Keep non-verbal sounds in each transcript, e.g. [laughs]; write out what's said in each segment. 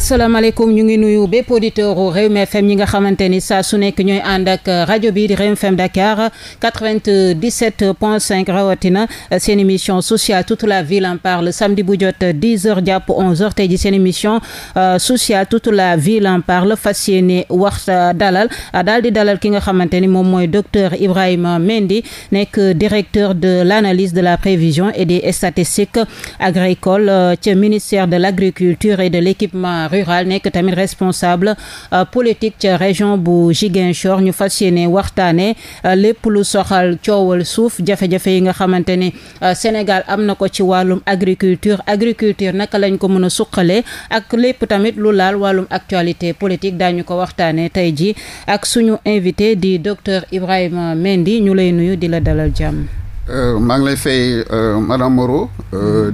asalaamaaleykum ñu ngi nuyu bépp auditeur u Rewmi FM ñi nga xamante ni saa su nekk ñooy ànd ak rajo bi di Rewmi FM Dakar 97 point 5 rawatina seen émission sociale toute la ville en parle samedi bu jot 10 heures jàpp 11 heures tey ji seen émission euh, sociale toute la ville en parle fas yéene wax euh, dalal daal di dalal ki nga xamante ni moom mooy docteur Ibrahima Mendy nekk directeur de l'analyse de la prévision et des statistiques agricoles euh, ca ministère de l'agriculture et de l'équipement rural nekk tamit responsable euh, politique ca région bu Ziguinchor ñu fas yéene waxtaane euh, lépp lu soxal coowal suuf jafe-jafe yi nga xamante ni euh, Sénégal am na ko ci wàllum agriculture agriculture naka lañ ko mën a suqale ak lépp tamit lu laal wàllum actualité politique daañu ko waxtaane tey ji ak suñu invité di docteur Ibrahima Mendy ñu lay nuyu di la dalal jàmm Euh, maa ngi lay fay euh, madame Moreau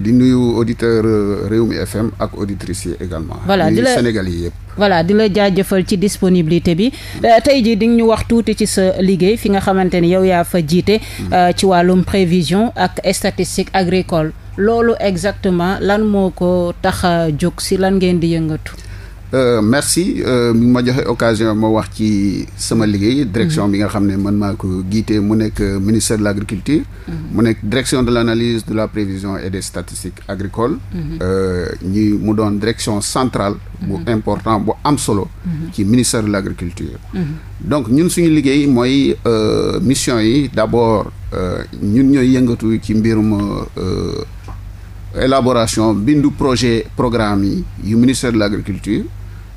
di nuyu auditeur euh, Rewmi FM ak auditrices yi également. voilà di la Sénégal yi yëpp. voilà di la jaajëfal ci disponibilité bi tey jii di ñu wax tuuti ci sa liggéey fi nga xamante ni yow yaa fa jiite. Hmm. ci wàllum prévision ak statistique agricole loolu exactement lan moo ko tax a jóg si lan ngeen di yëngatu. Euh, merci euh, ma joxe occasion ma wax ci sama liggéey direction bi nga xam ne man maa ko jiite mu nekk euh, ministère de l' agriculture mhm. mu nekk direction de l' analyse de la prévision et des statistiques agricole mhm. ñu mu doon direction centrale bu mhm. important bu am solo ci ministère de l' agriculture donc ñun suñu liggéey mooy mission yi d' abord ñun ñooy yëngatu ci mbirum élaboration bindu projet programme yi yu ministère de l' agriculture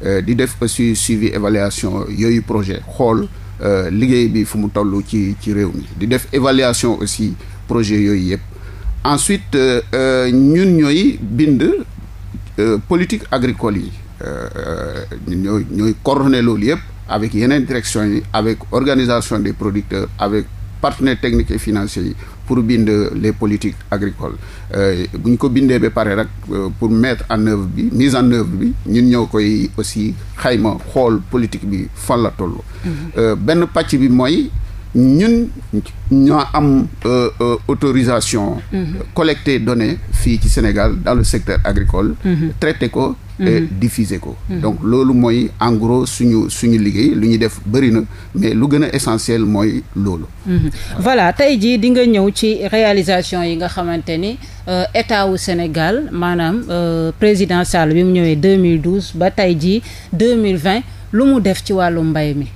Euh, di def aussi suivi évaluation yooyu projet xool euh, liggéey bi fu mu toll ci ci réew mi di def évaluation aussi projet yooyu yëpp ensuite euh, ñun ñooy bind politique agricole yi ñooy ñooy coordonné loolu yëpp avec yeneen direction yi avec organisation des producteurs avec partenaires technique et financiers yi pour bind les politiques agricoles euh, bu ñu ko bindee ba pare rek euh, pour mettre en œuvre bi mise en œuvre bi ñun ñoo koy aussi xayma xool politique bi fan la toll. Mhm. Euh, benn pàcc bi mooy ñun ñoo am autorisation. Mhm. collecter données fii ci Sénégal dans le secteur agricole. Mhm. traité ko. et mhm. diffuser ko mhm. donc loolu mooy en suñu suñu liggéey lu ñuy def bëri na mais lu gën a essentiel mooy loolu mhm. voilà tey jii di nga ñëw ci réalisation yi nga xamante ni euh, état wu Sénégal maanaam euh, président Sall bi mu ñëwee 2012 ba tey jii 2020 lu mu def ci wàllu mbay mi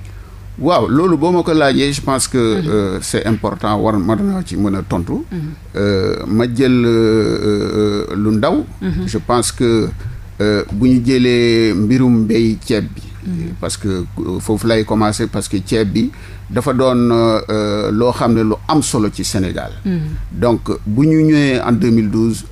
waaw loolu boo ma ko laajee je pense que euh, c'est important war ma naa ci mën a tontu euh, ma jël lu ndaw je pense que Euh, bu ñu jëlee mbirum mbéy ceeb bi. Mm-hmm. parce que euh, foofu lay commencer parce que ceeb bi dafa doon euh, loo xam ne lu am solo ci Sénégal. Mm-hmm. donc bu ñu ñëwee en 2012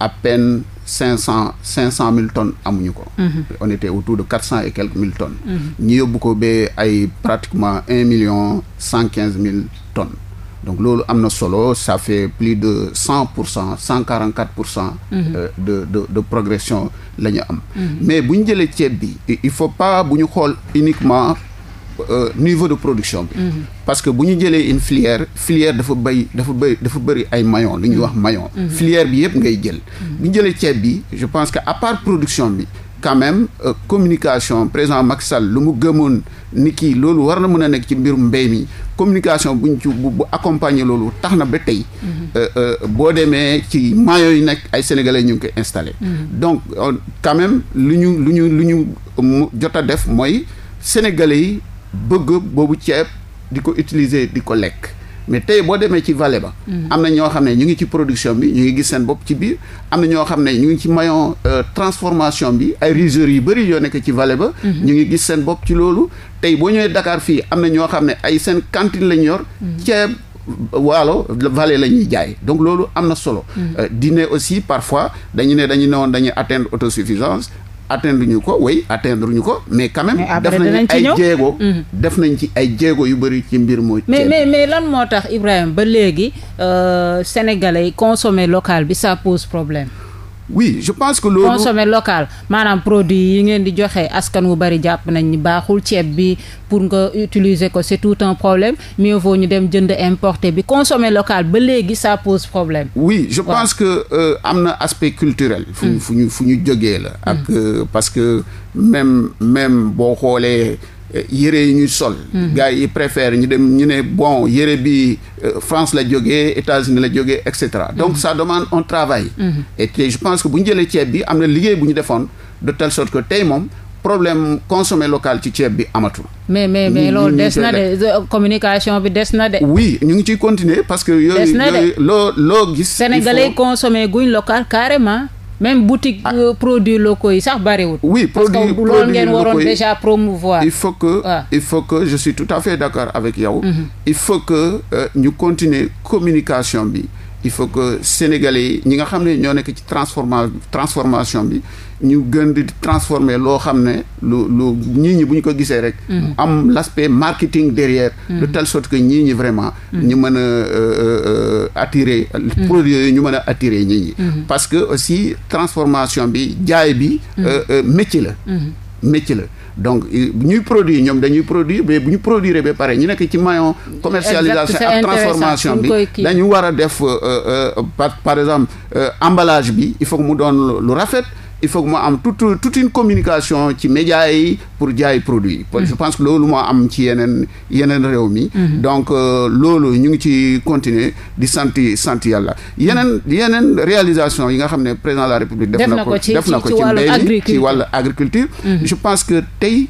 à peine cinq cent cinq cent mille tonnes amuñu ko. Mm-hmm. on autour de quatre cent et quelques mille tonnes. ñu yóbbu ko ba ay pratiquement un million cent quinze mille tonnes. donc loolu am na solo ça fa plus de cent pour cent cent quarante quatre pour cent. Mhm. Euh, de de de progression la ñu am. Mhm. mais bu ñu jëlee ceeb bi. il faut pas bu ñu xool uniquement euh, niveau de production bi. Mhm. parce que bu ñu jëlee une filière filière dafa bay dafa bay dafa bëri ay maillon lu ñu wax maillon. filière bi yëpp ngay jël. bu ñu jëlee ceeb bi je pense que à part production bi. quand même euh, communication président Macky Sall lu mu gëmoon ni kii loolu war na mën a nekk ci mbir mbéy mi communication buñ ci bu accompagner loolu tax na ba tey. Mhm. Euh, euh, boo demee ci maillot yi nekk ay sénégalais ñu ngi koy mhm. donc quand même lu ñu lu ñu lu ñu jot a def mooy sénégalais yi bëgg boobu ceeb di ko utiliser di ko lekk. mais tey boo demee ci vallée ba. Mhm. am na ñoo xam ne ñu ngi ci production bi ñu ngi gis seen bopp ci biir am na ñoo xam ne ñu ngi ci mayon euh, transformation bi ay rizeries yu bëri yoo nekk ci vallée ba. Mhm. ñu ngi gis seen bopp ci loolu tey boo ñëwee dakaar fii am na ñoo xam ne ay seen cantine lañ yor. Mhm. ceeb waalo vallée la ñuy jaay donc loolu am na solo. Euh, dîner aussi parfois dañu ne dañu ne woon dañuy atteindre autosuffisance. atteindre ñu ko oui atteindre ñu ko mais quand même def nañ ay jéego mhm. def nañ ci ay jéego yu bëri ci mbir mooy mais mais mais lan moo tax Ibrahima ba léegi euh, sénégalais yi consommer locale bi ça pose problème oui je pense que loolu consommer local maanaam produit yi ngeen di joxe askan wu bari jàpp nañ ni baaxul ceeb bi pour nga utiliser ko c'est tout un problème mieux vaut ñu dem jënd importé bi consommer local ba léegi ça pose problème. oui je pense que euh, am na aspect culturel. fu ñu hmm. fu ñu fu ñu jógee la. ak hmm. euh, parce que même même boo xoolee. Euh, yére yi ñuy sol. Mhm. gars yi préfèrent ñu dem ñu ne bon yére bi euh, France la jógee États-Unis la jógee et cetera. donc mhm. ça demande un travail. Mhm. et je pense que bu ñu jëlee ceeb bi am na liggéey bu ñu defoon de telle sorte que tey moom. problème consommé local ci ceeb bi amatul. mais mais mais loolu des na de euh, communication bi des na de. oui ñu ngi ciy continuer parce que. des na de yooyu loo gis. il faut guñ local carrément. même boutique ah. Euh, produits yi sax bariwul. oui produits parce que loolu ngeen waroon déjà promouvoir. Ah. il faut que je suis tout à fait d'accord avec yow. Mm -hmm. il faut que euh, ñu euh, communication bi. il faut que sénégalais yi ñi nga xam ne ñoo nekk ci transforma transformation bi. ñu gën di transformer loo xam ne lu lu ñii ñi bu ñu ko gisee rek. Mm-hmm. am l'aspect marketing derrière. Mm-hmm. de telle sorte que ñii ñi vraiment. Mm-hmm. Euh, euh, euh, ñu mën a attirer. produits ñu mën a attirer ñi. parce que aussi transformation bi jaay bi. métier la. métier la donc ñuy produit ñoom dañuy produit mais bu ñu produire ba pare ñu nekk ci maillon commercialisation ak transformation bi dañu war a def par exemple emballage bi il faut que mu doon lu rafet il faut que mu am toute toute une communication ci médias pour jaay produit je pense que loolu moo am ci yeneen yeneen réew mi mhm. donc euh, loolu ñu ngi ci continuer di santi santi yàlla yeneen yeneen réalisation yi nga xam ne président de la république def na ko def na ko ci mbéy agriculture mhm. je pense que tey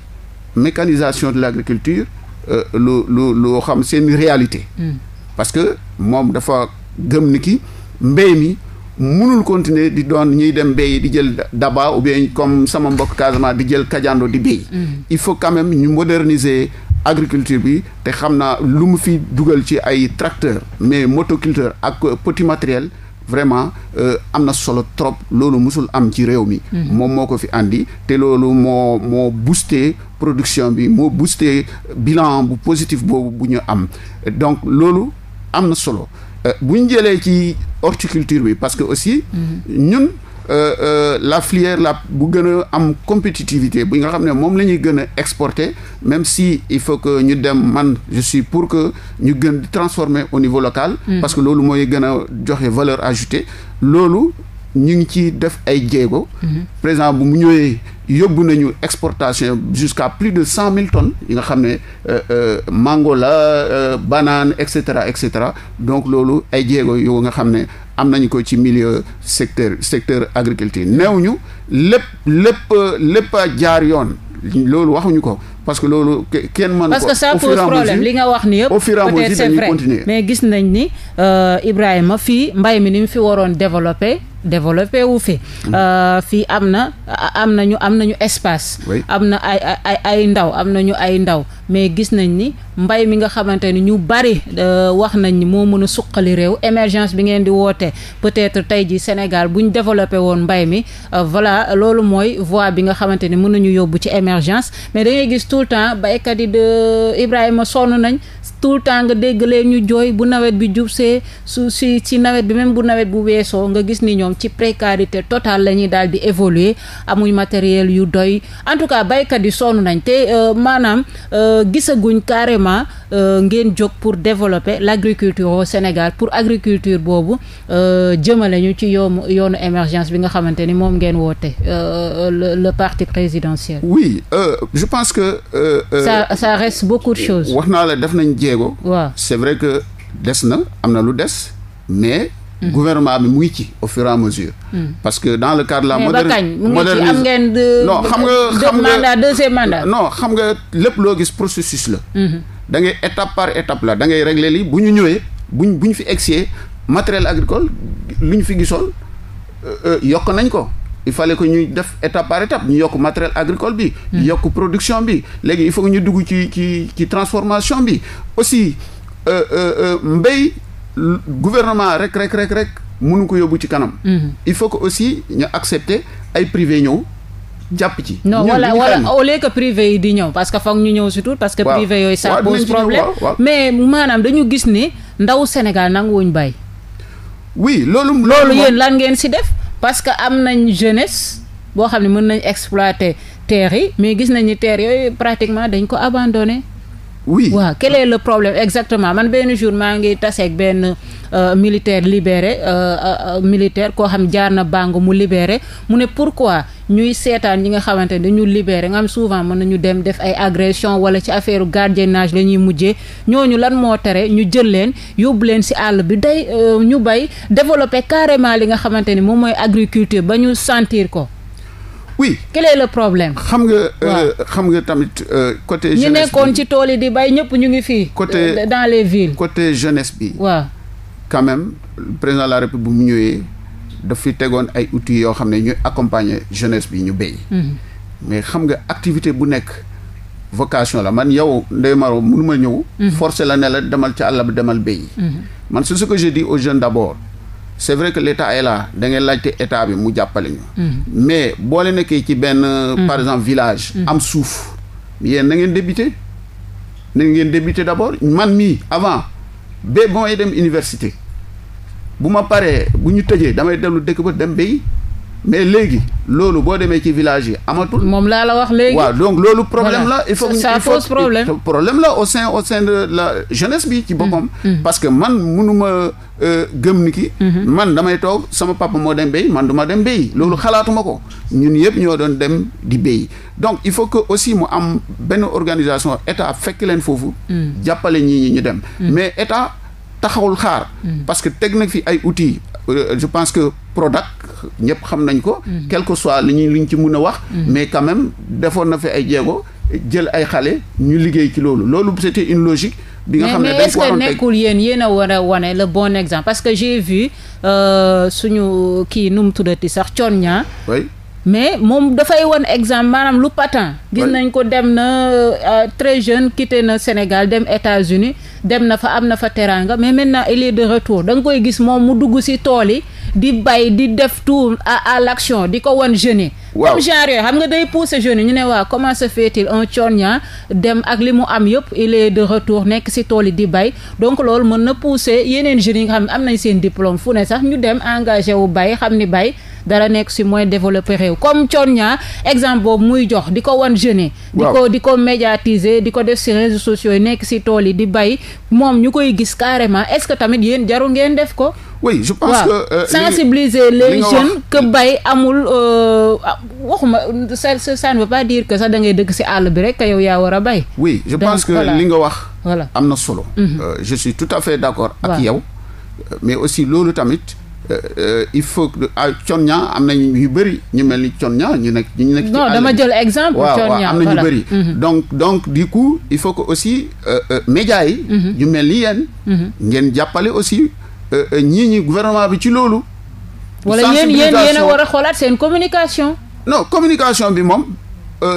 mécanisation de l'agriculture euh, lu lu lu xam seen réalité mhm. parce que moom dafa gëm ni ki mbéy mi mënul continuer di doon ñuy dem béy di jël daba ou bien comme sama mbokk Casamance di jël kajando di béy. Mm-hmm. il faut quand même ñu moderniser agriculture bi te xam naa lu mu fi dugal ci ay tracteur mais motoculteur ak petit matériel vraiment euh, am na solo trop loolu musul am ci réew mi. Mm-hmm. moom moo ko fi andi te loolu moo moo booster production bi moo booster bilan bu positif boobu bu ñu am donc loolu am na solo. Euh, bu ñu jëlee ci horticulture bi parce que aussi. Mhm. ñun euh, euh, la filière la bu gën a am compétitivité bu nga xam ne moom la ñuy gën a exporter même si il faut que ñu dem man je pour que ñu gën di transformer au niveau local. Mhm. parce que loolu mooy gën a joxe valeur ajoutée loolu. ñu ngi ci def ay jéego. Mhm. président bu mu ñëwee yóbbu nañu exportation jusqu'à plus de cent mille tonnes yi nga xam ne euh, euh, mango la euh, banane et cetera et cetera donc loolu ay jéego yoo nga xam ne am nañu ko ci milieu secteur secteur agriculture néew ñu lépp lépp lépp a jaar yoon. loolu waxuñu ko parce que loolu kenn mën parce que ça pose problème li nga wax ni yëpp peut-être c'est vrai mais gis nañ ni Ibrahima fii mbay mi ni mu fi waroon développer développé wu fi. Mm. Euh, fii am na am nañu am nañu espace. am na ay ay ay ndaw am nañu ay ndaw mais gis nañ ni mbay mi nga xamante ni ñu bari euh, wax nañ ni moo mën a suqali réew émergence bi ngeen di woote peut-être tey ji Sénégal bu ñu développé woon mbay mi euh, voilà loolu mooy voie bi nga xamante ni mën nañu yóbbu ci émergence mais da gis tout le temps baykat yi de Ibrahima sonn nañ. tout le temps nga dégg leen ñu jooy bu nawet bi jub see su si si nawet bi même bu nawet bu weesoo nga gis ni ñoom ci précarité totale la ñuy daal di évoluer amuy matériel yu doy en tout cas baykat yi sonn nañ te euh, maanaam euh, gisaguñ carrément euh, ngeen jóg pour développer l'agriculture au Sénégal pour agriculture boobu jëmale ñu ci yoonu yoonu émergence bi nga xamante ni moom ngeen woote le le parti présidentiel. oui euh, je que. wax naa la def nañ jéem jéego. waaw c'est vrai que des na am na lu des mais. Mm. gouvernement bi mu ngi ci au fur mesure. Mm. parce que dans le cadre la. modernisation am ngeen non xam nga xam nga deuxième mandat xam nga lépp loo gis processus la. Mm-hmm. da ngay étape par étap la da ngay régler lii bu ñu ñëwee bu ñu fi egsee matériel agricole lu ñu fi gisoon euh, euh, yokk nañ ko. il fallait que ñu def étape par étape ñu yokk matériel agricole bi. Hmm. yokk production bi léegi il faut que ñu dugg ci ci ci transformation bi aussi euh, euh, euh, mbéy gouvernement rek rek rek rek mënu ko yóbbu ci kanam. Hmm. il faut que aussi ñu accepter ay privé ñëw. jàpp ci non wala wala au lieu que privé yi di ñëw parce que foog ñu ñëw surtout parce que privé yooyu ça pose problème mais maanaam dañu gis ni ndaw Sénégal nanguwuñ bàyyi oui loolu loolu yéen lan ngeen si def parce que am nañ jeunesse boo xam ne mën nañ exploité terre yi mais gis nañ ni terre yooyu pratiquement dañ ko abandonné oui waaw ouais. quel problème exactement man benn jour maa ngi taseeg benn euh, militaire libéré euh, euh, euh militaire koo xam jaar na bàngu mu libéré mu ne pourquoi ñuy seetaan ñi nga xamante ne dañu libéré nga xam souvent mën nañu dem def ay agression wala ci affaire gardiennage la ñuy mujjee ñooñu lan moo tere ñu jël leen yóbbu leen si àll bi day euh, ñu bay développer carrément li nga xamante ni moom mooy agriculture ba ñu sentir ko oui quel la problème. xam nga euh, xam nga tamit euh, côté. jeunesse bi ñu nekkoon ci tool yi di bay ñëpp ñu ngi fii. côté euh, dans les villes. côté jeunesse bi. waa quand même président la république bu mu ñëwee daf fi tegoon ay outils yoo xam ne ñuy accompagner jeunesse bi ñu béy. Mhm. mais xam nga activité bu nekk vocation la man yow Ndeye Maro mënuma ñëw. Mhm. force la ne la demal ci àll bi demal béy. Mhm. man c'est ce que je dis aux jeunes d'abord. c'est vrai que l'état est là da ngay laajte état bi mu jàppale ñu. Hmm. mais boo leen nekkee ci benn. Hmm. par exemple village. Hmm. am suuf yéen na ngeen débuté na ngeen débuté d'abord man mii avant ba ba may dem université bu ma paree bu ñu tëjee damay dellu dëkk ba dem béy. mais léegi loolu boo demee ci village yi amatul. moom laa la wax léegi. waaw donc loolu problème la. il faut ça pose problème la au sein au de la jeunesse ci boppam. Mm, mm. parce que man mënuma euh, gëm ni ki. Mm-hmm. man damay toog sama papa moo dem béy man duma dem béy loolu xalaatuma ko ñun yëpp ñoo doon dem di béy donc il faut que aussi mu am benn organisation état fekk leen foofu. Mm. jàppale ñii ñi ñu dem. mais état taxawul xaar. parce que teg na fi ay outils. Euh, je pense que Prodac ñëpp xam nañ ko. Mhm. quel que soit li ñu li ñu ci mun a wax. Mhm. mais quand même defoon na fi ay jéego jël ay xale ñu liggéey ci loolu loolu c'était une logique. bi nga xam ne dañ ko waroon mais yéen yéen a war a wane le bon exemple parce que j'ai vu euh, suñu kii nu mu tuddati sax Thion Niang. mais moom dafay won exemple maanaam lu patent gis nañ ko dem na euh, très jeune quitté na Sénégal dem États-Unis dem na fa am na fa teraanga mais maintenant il est de retour da koy gis moom mu dugg ci tool yi di bay di def tout à l'action di ko won jeunes yi waaw comme genre xam nga day pousser jeunes yi ñu ne waaw comment se fait-il un Thione dem ak li mu am yëpp il de retour nekk ci tool yi di bay donc loolu mën na pousser yeneen jeunes yi nga xam ne am nañ seen diplôme fu ne sax ñu dem engagé wu bay xam ni bay dara nekk si mooy développer réew comme Thionia exemple boobu muy jox di ko wan jeune. di ko di ko médiatiser di ko def si réseaux sociaux yi nekk si tool yi di bay moom ñu koy gis carrément est-ce que tamit yéen jaru ngeen def ko. oui euh, sensibiliser les, les jeunes bay amul euh, ah, waxuma ça ça ne veut pas dire que sax da ngay dëkk àll bi rek yow yaa war a bay. oui je pense que li wax. voilà am na solo. Mhm. Euh, je suis tout à fait d'accord ak yow. mais aussi loolu tamit. Euh, euh, il faut que ah Coña am na ñu bëri ñu mel ni ña ñu nekk ñu nekk. ci non dama jël exemple. Coña waaw waaw am na ñu bëri. Mhm. donc donc du coup il faut que aussi euh, médias yi. Mhm. ñu mel ni yéen. Mhm. ngeen jàppale aussi ñii ñi gouvernement bi ci loolu. wala yéen yéen a war a xoolaat seen communication. non communication bi moom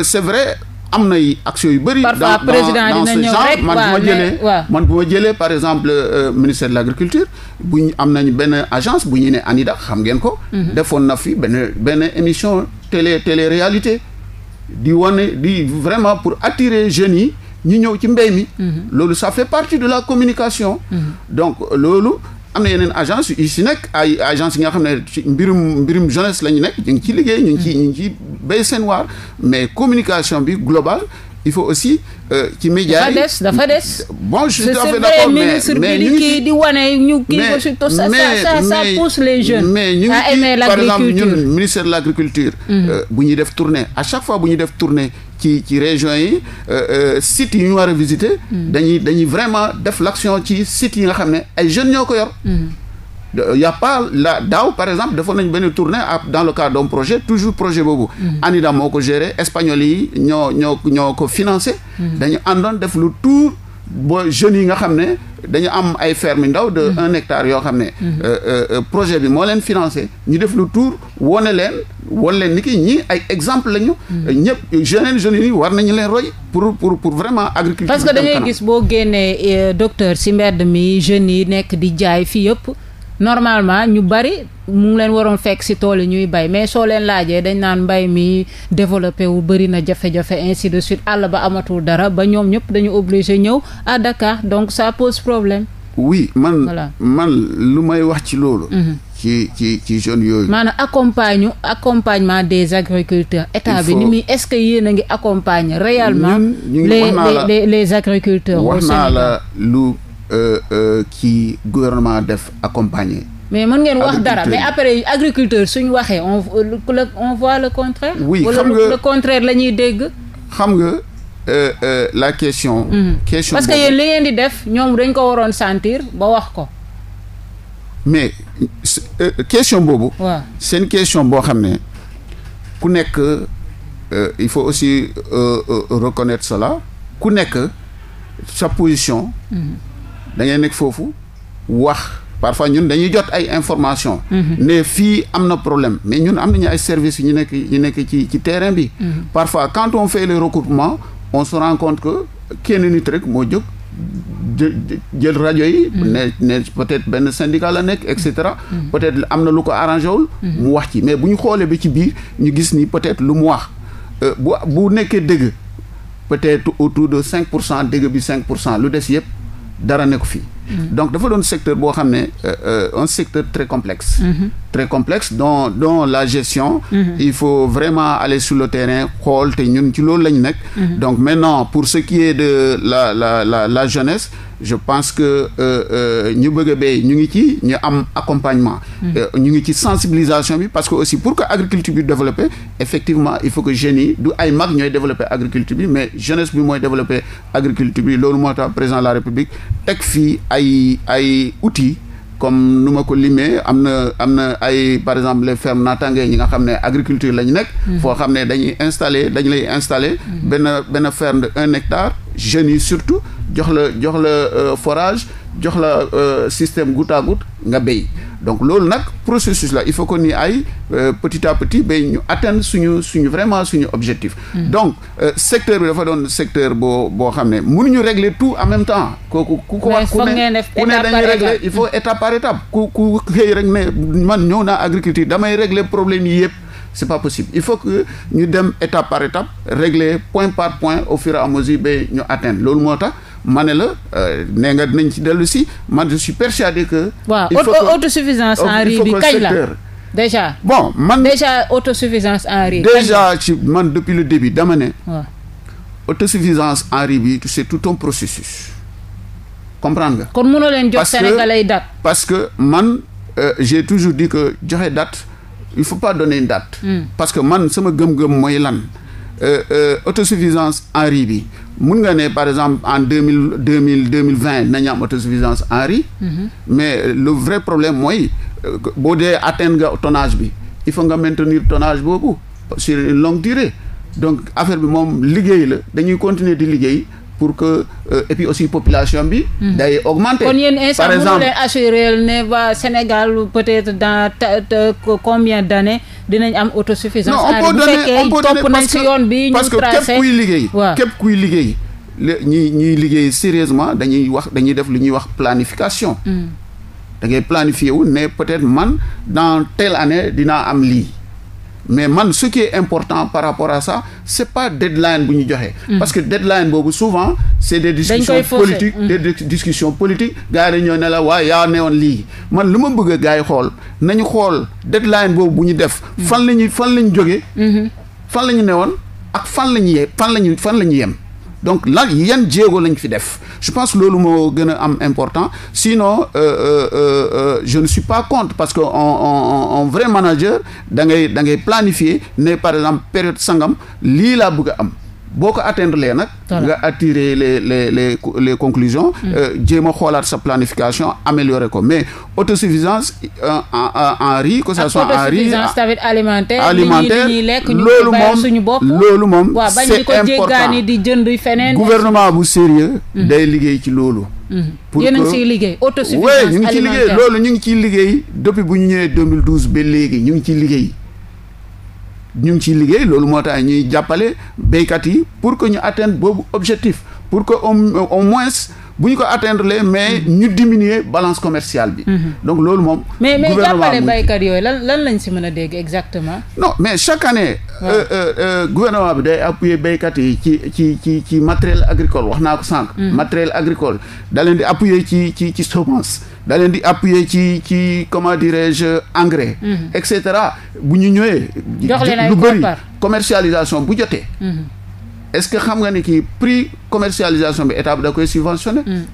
c'est vrai. am nay actions yu bëri. dans dans ce genre man bu ma jëlee man bu ma par exemple euh, ministère de l' agriculture buñ am nañ benn agence bu ñu ne ANIDA xam ngeen ko. Mhm. defoon na fi benn benn émission télé télé réalité di wane di vraiment pour attirer jeunes yi ñu ñëw ci mbéy mi. Mhm. loolu sa fait partie de la communication. Mhm. donc loolu. am na yeneen agence yu si nekk ay agence yi nga xam ne ci mbirum mbirum jeunesse la ñu nekk ñu ngi ci liggéey ñu ngi ci ñu ngi ci béy seen waar mais communication bi globale il faut aussi euh, ci média yi dafa des dafa des. bon je suis tout à fait d'accord mais mais ñu di wane ñu kii ko surtout ça ça ça pousse les jeunes. mais ñu ngi ci par exemple ñun ministère l'agriculture. Mm-hmm. Euh, bu ñuy def tournée à chaque fois bu ñuy def tournée. ci ci régions yi euh, sites yi ñu war a visiter. Mm-hmm. dañuy dañuy vraiment def l'action ci sites yi nga xam ne ay jeunes ñoo ko yor. Mm-hmm. Euh, y' a la daaw par exemple defoon nañ benn tournée dans le cadre d'un projet toujours projet boobu. Mm-hmm. ANIDA moo ko géré espagnol yi ñoo ñoo ñoo ko financé. Mm-hmm. dañu àndoon def lu tour boo jeunes yi nga xam ne dañu am ay ferme ndaw de mm-hmm. un hectare yoo xam ne euh, euh, projet bi moo leen financé ñu def lu tour wone leen won leen ni ki ñii ay exemple lañu ñëpp jeunes jeunes yi war nañu leen roy pour pour pour vraiment agriculture parce que da ngay gis boo génnee docteur si mberd mi jeunes yi nekk di jaay fii yëpp normalement ñu bari mu ngi leen waroon fekk si tool yi ñuy bay mais soo leen laajee dañ naan mbay mi développé wu bëri na jafe-jafe ainsi de suite àll ba amatul dara ba ñoom ñëpp dañu obligé ñëw à Dakar donc ça pose problème. oui man voilà. man lu may wax ci loolu. Mhm. ci ci ci jeunes yooyu. maana accompagne accompagnement des agriculteurs état bi ni muy est ce que yéen a ngi accompagner réellement. les les les agriculteurs. wax naa la lu. ci euh, euh, gouvernement def accompagner. mais mën ngeen wax dara mais après agriculteur suñu waxee on on voit le contraire. oui xam nga la ñuy dégg. xam nga. Euh, euh la question. Mm question parce que yéen li ngeen di def ñoom dañ ko waroon sentir ba wax ko. mais question boobu. waaw c'est question boo xam ne ku nekk il faut aussi reconnaître cela ku nekk sa position. Mhm. dangay nekk foofu wax parfois ñun dañuy jot ay information mhm. ne fii am na problème mais ñun am nañu ay services ñu nekk ñu nekk ci ci terrain bi. Mhm. parfois quand on fait le recoupement on se rend kenn nit rek moo jóg. jël rajo yi mhm. ne ne peut-être benn syndicat la nekk et cetera peut-être am na lu ko arrangé wul mu wax ci mais bu ñu xoolee bi ci biir ñu gis ni peut-être lu mu wax euh, bu bu nekkee dëgg peut-être autour de cinq pour cent dëgg bi cinq pour cent lu des yëpp dara nekk fi. Mm-hmm. donc dafa doon secteur boo xam ne euh, euh, un secteur très complexe. Mm-hmm. très complexe dont la gestion. Mhm. i faut vraiment aller sur le terrain xool te ñun ci loolu lañ nekk. Mhm. donc maintenant pour ce qui est de la la la la jeunesse. je pense que euh, euh, ñu bëgg a ñu ngi ci ñu am accompagnement. Mhm. Euh, ñu ngi ci sensibilisation bi parce que aussi pour que agriculture bi développé effectivement il faut que jeunes du ay mag ñooy développé agriculture bi mais jeunesse bi mooy développé agriculture bi loolu moo tax président de la république teg fii ay ay outils. comme nu ma ko limee am na am na ay par exemple les fermes naataange ñi nga xam ne agriculture la ñu nekk. Mm-hmm. foo xam ne dañuy installer dañu lay installer. Mm-hmm. benn benn ferme de un hectare jeunes yi surtout jox la jox la euh, forage. jox la euh, système goutte à nga béy donc loolu nag processus la il faut que ni ay euh, petit à petit ba ñu atteindre suñu suñu vraiment suñu objectif. Mm. donc euh, secteur bi dafa doon secteur boo boo xam ne mënuñu régler tout en même temps. kooku ku ko wax ku ne ku ne dañuy régler il faut étape par étape. ku ku xëy rek ne man ñëw naa agriculture damay régler problème yi yëpp. c'est pas possible il faut que ñu dem étape par étape régler point par point au fur et à mesure ba ñu atteindre loolu moo tax. ma ne la euh, nee nga dinañ ci dellu si man je suis persuadé que. waaw il faut que autosuffisance en riz bi kañ la déjà. bon man déjà autosuffisance en man depuis le début dama ne. waaw en riz bi c'est tout un processus. comprend nga. kon mënoo leen jox Sénégalais date. parce que man euh, j'ai toujours di ko joxe dat il faut pas donner une date. Hmm. parce que man sama gëm-gëm mooy lan. euh, euh, autosuffisance en bi mun nga ne par exemple en deux mille deux mille deux mille vingt nañu am autosuffisance en riz. Mhm. mais le vrai problème mooy euh, boo dee atteindre nga tonnage bi il faut nga maintenir tonnage boobu sur une longue durée donc affaire bi moom liggéey la dañuy continuer di liggéey pour que euh, et puis aussi population bi. Mhm. day augmenter par exemple kon yéen assurer ne waa Sénégal peut-être dans combien d'années dinañ am autosuffisance. non on ah, peut donner on peut donner parce que parce que képp kuy liggéey. waaw képp kuy liggéey. ñi ñuy liggéey sérieusement dañuy wax dañuy def lu ñuy wax planification. Mm. da ngay wu ne peut-être man dans tel année dinaa am lii. mais man ce qui important par rapport à ça c'est pas deadline bu ñu joxee mm. parce que deadline boobu souvent c'est des discussions politiques mm. des discussions politiques gars yi dañoo ne la waaye yaa ne woon lii man lu ma bëgg a yi xool nañu xool deadline boobu bu ñu def fan la ñuy fan la ñu jógee fan la ñu mm-hmm. ne woon ak fan la ñu yem fan la ñu fan la ñu yem donc là yan jéego lañ fi def je pense loolu moo gën a am important sinon euh euh, euh, euh, je ne suis pas contre parce que en en en vrai manager da ngay da ngay planifier ne par exemple période sangam lii laa bëgg a am. boo ko atteindre lee nag nga attirer les les les les conclusions mm. euh, jéem a xoolaat sa planification améliorer ko mais auto suffisance euh, en riz que ça soit en riz autosuffisance tamit alimentaire alimentaire loolu moom loolu moom c'est important di jënd feneen gouvernement bu sérieux mm. day liggéey ci loolu mm. pour yéen a ngi liggéey autosuffisance alimentaire ñu ngi ciy liggéey loolu ñu ngi ciy liggéey depuis bu ñu ñëwee 2012 ba léegi ñu ngi ciy liggéey ñu ngi ciy liggéey loolu moo tax ñuy jàppale béykat yi pour que ñu atteindre boobu objectif pour que au moins bu ñu ko atteindre mais mm-hmm. ñu diminuer balance commerciale bi. Mm-hmm. donc loolu moom. mais mais jàppale baykat yooyu lan lan lañ si mën a dégg exactement. non mais chaque année. Euh, euh, euh, gouvernement bi day appuyer baykat yi ci ci ci ci matériel agricole wax naa ko sànq. Mm-hmm. matériel agricole da leen di appuyer ci ci ci semence. da leen di appuyer ci ci comment dirais-je engrais. et cetera bu ñu ñëwee. lu bëri commercialisation bu jotee. est-ce que xam nga ni kii prix commercialisation bi état bi da koy hmm.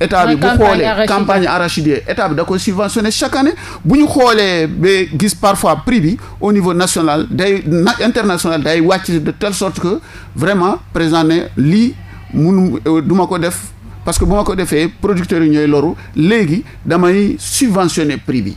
état bi bu xoolee campagne arachidier état bi da koy subventionné chaque année bu ñu xoolee ba gis parfois prix bi au niveau national day na international day wàcc de telle sorte que vraiment président ne lii mun euh, du ko def parce que bu ko defee producteurs yi ñooy loru léegi damay subventionné prix bi.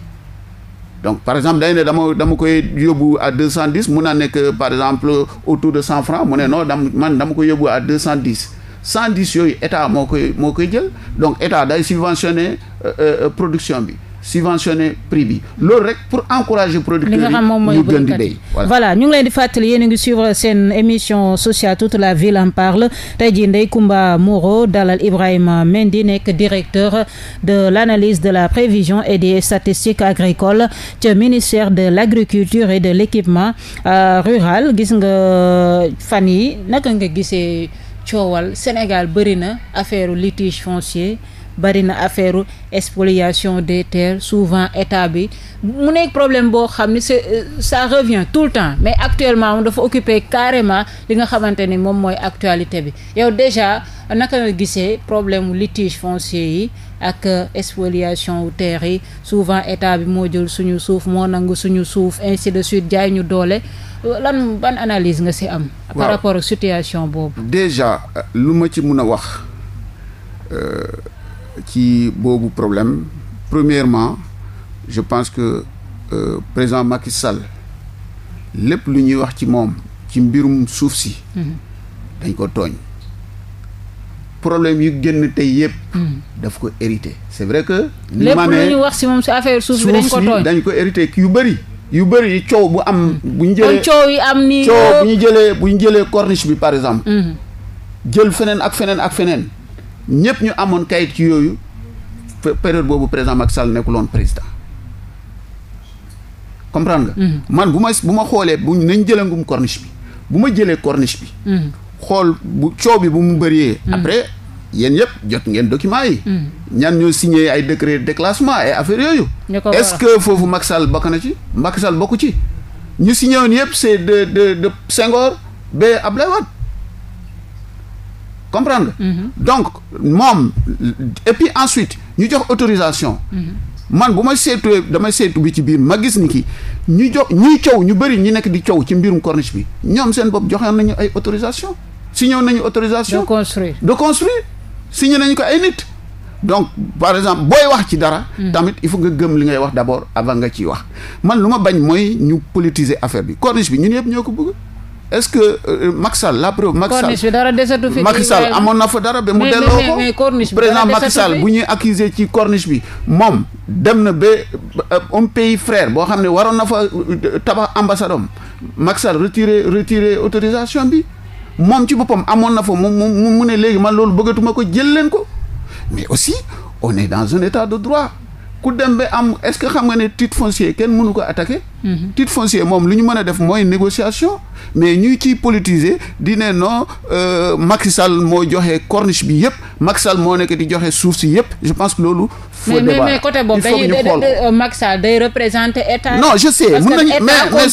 donc par exemple day ne dama dama koy yóbbu à deux cent dix mun naa nekk par exemple autour de cent francs mu ne noo dam man dama koy yóbbu à deux cent dix cent dix yooyu état moo koy moo koy jël donc état day subventionné euh, euh, production bi subventionné prix bi loolu rek pour encourager producteurs yi ñu gën di béy voilà ñu ngi leen di fàttali yéen a ngi suivre seen émission sociale toute la ville en parle tey jii Ndeye Comba Moreau dalal Ibrahima Mendy nekk directeur de l'analyse de la prévision et des statistiques agricoles ca ministère de l'agriculture et de l'équipement euh, rural gis nga euh, fan yi naka nga gisee coowal Sénégal bëri na affaire litige foncier bari na affaire spoliation des terres souvent état bi mu nekk problème boo xam ni c'est euh, ça revient tout le temps mais actuellement dafa occuper carrément li nga xamante ni moom mooy actualité bi yow déjà naka nga gisee problème litige foncier yi ak euh, spoliation wu terres yi souvent état bi moo jël suñu suuf moo nangu suñu suuf ainsi de suite jaay ñu doole lan ban analyse nga si am. par rapport ak situation boobu. déjà euh, lu ma ci mun a wax. ci boobu problème premièrement je pense que euh, président Macky Sall lépp lu ñuy wax ci moom ci mbirum suuf si mm-hmm. dañ ko tooñ problème yu génn tey yëpp mm-hmm. daf ko hérité c'est vrai que lépp lu ñu wax si moom si affaire suuf bi dañ ko tooñ dañ ko hérité yu bëri yu bëri coow bu am mm-hmm. bu ñu jëlee coow yi ñu jëlee bu ñu jëlee corniche bi par exemple jël feneen ak feneen ak feneen ñëpp ñu amoon kayit ci yooyu période boobu président Macky Sall nekkuloon président comprendre mm-hmm. man bu ma bu ma xoolee bu nañ jëlee ngum corniche bi bu ma jëlee corniche bi. Mm-hmm. xool bu coow bi bu mu bëree. Mm-hmm. après yéen yëpp jot ngeen documents yi. ñan ñoo signé ay décret de ay affaire yooyu. est-ce que foofu Macky Sall bokk na ci Macky Sall bokku ci. ñu signé woon yëpp c'est de de de Senghor ba Abdoulaye Wade. comprendre mhm. donc moom et puis ensuite ñu jox autorisation. Mhm. man bu ma seetuwee dama seetu bi ci biir ma gis ni ki ñu jox ñuy coow ñu bëri ñu nekk di coow ci mbirum corniche bi ñoom seen bopp joxoon nañu ay autorisation ñëw nañu autorisation. de construire de construire signé nañu ko ay nit. donc par exemple booy wax ci dara. Mhm. tamit il faut nga gëm li ngay wax d'abord avant nga ci wax man lu ma bañ mooy ñu politiser affaire bi corniche bi ñun yëpp ñoo ko bëgg. est-ce que euh, Macky Sall la preuve fi Macky amoon na fa dara ba mu delloo ko président Macky Sall bu ñuy accuser ci corniche bi moom dem na ba euh, un pays frère boo xam ne waroon na fa euh, tabax ambassade am Macky Sall retiré autorisation bi moom ci boppam amoon na fa mu mu mu ne léegi man loolu bëggatuma ko jël leen ko mais aussi au est dans un état de droit ku dem ba am est-ce que xam nga ne titre foncier kenn mënu ko attaquer. Mhm. titre foncier moom lu ñu mën a def mooy négociation mais ñu ci politiser di ne non euh, Macky Sall moo joxe corniche bi yëpp Macky moo nekk di joxe suuf si yëpp je pense que loolu faux débat mais mais côté boobu dañuy de euh, Macky Sall day représenter état. non je mun nañu mais mais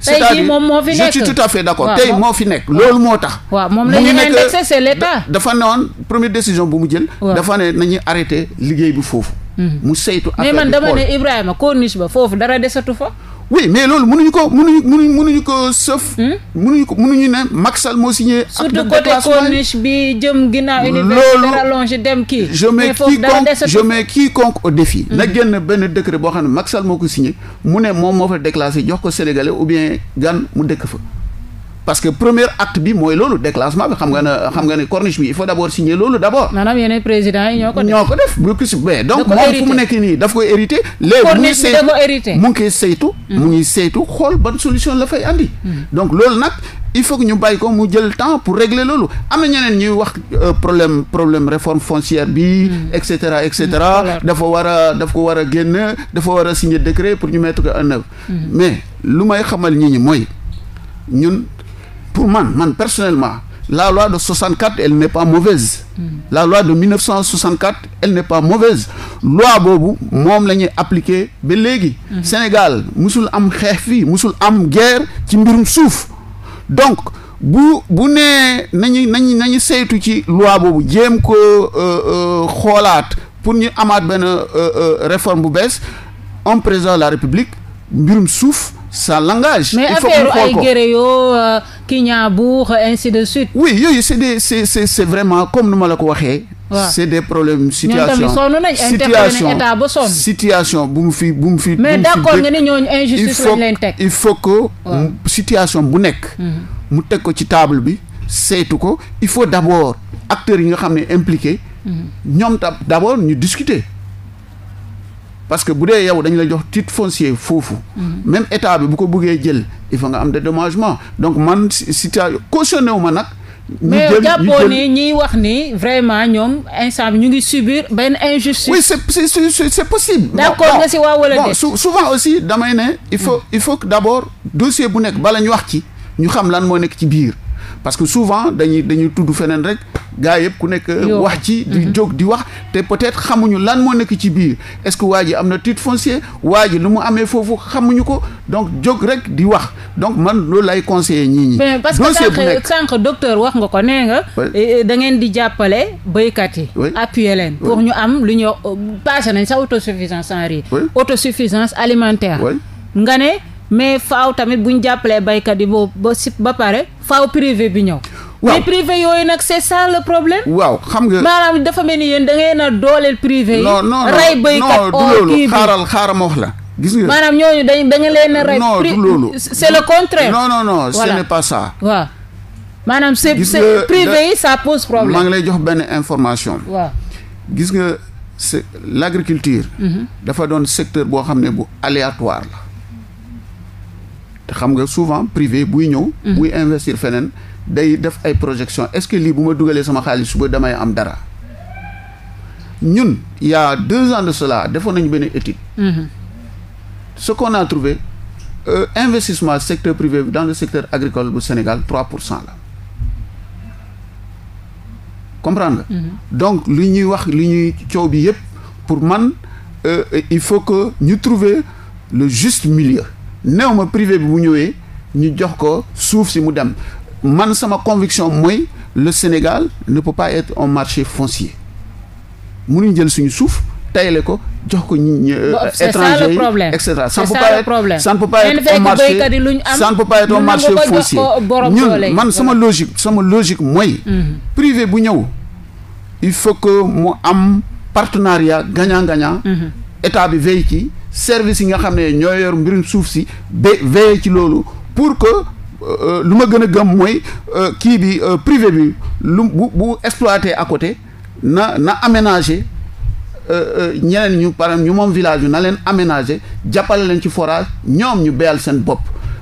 c'est-à-dire. cest à d'accord tey moo fi nekk loolu moo tax. waaw moom la ñu indexé c'est l'état dafa ne woon première décision bu mu jël. dafa ne nañu arrêté liggéey bi foofu. Mm-hmm. mu saytu affaire bi mais man dama ne Ibrahima ba foofu dara desatu fa. oui mais loolu mënuñu ko mënuñu mënuñu mënuñu ko sëf. Hmm? mënuñu ko mënuñu ne Macky Sall moo signé. ak de côté corniche bi jëm ginnaaw université rallonge dem kii. je mets quiconque je mets quiconque au défi. Hmm. na génn benn décret boo xam ne Macky Sall moo ko signé mu ne moom moo fa déclassé jox ko Sénégalais ou bien gan mu dëkk fa. parce que premier acte bi mooy loolu déclassement bi xam nga ne xam nga ne corniche bi il faut d' abord signer loolu d' abord. maanaam yeneen ñoo ko def ñoo ko def mu nekk nii daf koy hérité. léegi mu ngi saytu mu ngi koy mm-hmm. saytu. mu ngi saytu xool ban solution la fay andi. Mm-hmm. donc loolu nag il faut ñu bàyyi ko mu jël temps pour régler loolu am na ñeneen ñuy wax euh, problème problème réforme foncière bi. Mm-hmm. et cetera et cetera. dafa war a daf ko war a génn dafa war a signer décret pour ñu mettre ko en mais lu may xamal ñi ñi mooy pour man man personnellement la loi de 64 elle n'est pas mauvaise mm. la loi de 1964 elle n'est pas mauvaise loi boobu moom la ñuy appliquer ba léegi mm-hmm. Sénégal musul am xeex fii musul am guerre ci mbirum suuf donc bu bu nee nañu nañu nañu saytu ci loi boobu jéem ko euh, euh, xoolaat pour ñu amaat benn euh, réforme bu bees un président la République mbirum suuf ça langage mais faut que mu xool ko mais affaire ay Guéréo euh, Kinyabour de suite. oui yooyu c' est des c' est c' est, c' est vraiment comme nu ma la ko waxee. waaw c' est des problèmes. situation situation situation bu mu fi bu mu fi. mais d' accord nga ni ñooñu injustice lañ leen teg il faut que situation bu nekk. Mhm. mu teg ko ci taable bi saytu ko il faut d' abord acteurs yi nga xam ne impliqué. Mhm. ñoom tam d' abord ñu discuter. parce que bu dee yow dañu la jox titre foncier foofu. Mm-hmm. même état bi bu ko bëggee jël il faut nga am dédommagement donc man cita cautionné wu ma nag. mais jàppoo nii ñiy wax ni vraiment ñoom instant bi ñu ngi subir benn injustice. oui c'est c'est c'est possible. d'accord nga si waaw wala déet bon souvent aussi damay ne. il faut mm. il faut que d'abord dossier bu nekk bala ñu wax ci ñu xam lan moo nekk ci biir. parce que souvent dañuy dañuy tudd feneen rek gars yëpp ku nekk wax ci di mhm. jóg di wax te peut-être xamuñu lan moo nekk ci biir est-ce que waa ji am na titre foncier waa ji lu mu amee foofu xamuñu ko donc jóg rek di wax donc man loolu lay conseiller ñii ñi parce que sànq docteur wax nga ko nee nga eh, eh, da di jàppale béykat yi appuyer leen pour ñu am lu ñu euh, passé nañ sa autosuffisance en riz autosuffisance alimentaire nga ne mais faaw tamit bu ñu jàppalee baykat yi boobu ba si ba pare faaw privé bi ñëw. waaw mais privé yooyu nag c'est ça le problème. waaw xam nga maanaam dafa mel ni yéen da ngeen dooleel privé yi. non non oo kii bi xaaral la. gis nga maanaam ñooñu dañ da nga leen a rey le contraire non non non voilà. ce n'est maanaam c'est privé yi ça pose problème maa ngi lay jox benn information waaw gis nga c'est l'agriculture mm-hmm. dafa doon secteur boo xam ne bu aléatoire la te xam nga souvent privé buy ñëw. Mhm. buy investir feneen day def ay projection est-ce que lii bu ma dugalee sama xaalis suba damay am dara ñun il deux ans de cela defoon nañu benn étude. Mhm. ce qu'on a trouvé euh, investissement secteur privé dans le secteur agricole bu Sénégal 3 pour cent la. comprendre mhm. donc li ñuy wax li ñuy coow bi yépp pour man euh, il faut que ñu trouver le juste milieu. néew ma privé bi bu ñëwee ñu jox ko suuf si mu dem man sama conviction mooy le Sénégal ne peut pas être un marché foncier mënuñ jël suñu suuf tayle ko jox ko ñi étranger yi et cetera ça ne peut pas être ça ne peut pas être un marché ça ne peut pas être un marché foncier ñun man sama logique sama logique mooy mhm. privé bu ñëw il faut que mu am partenariat gagnant gagnant mhm. état bi veille ci service yi nga xam ne ñoo yor mbirum suuf si ba veiller ci loolu pour que. Euh, lu ma gën a gëm mooy euh, kii bi euh, privé bi lu bu bu exploité à côté na na aménagé ñeneen ñu par ñu moom village bi na leen aménagé jàppale leen ci forage ñoom ñu béyal seen bopp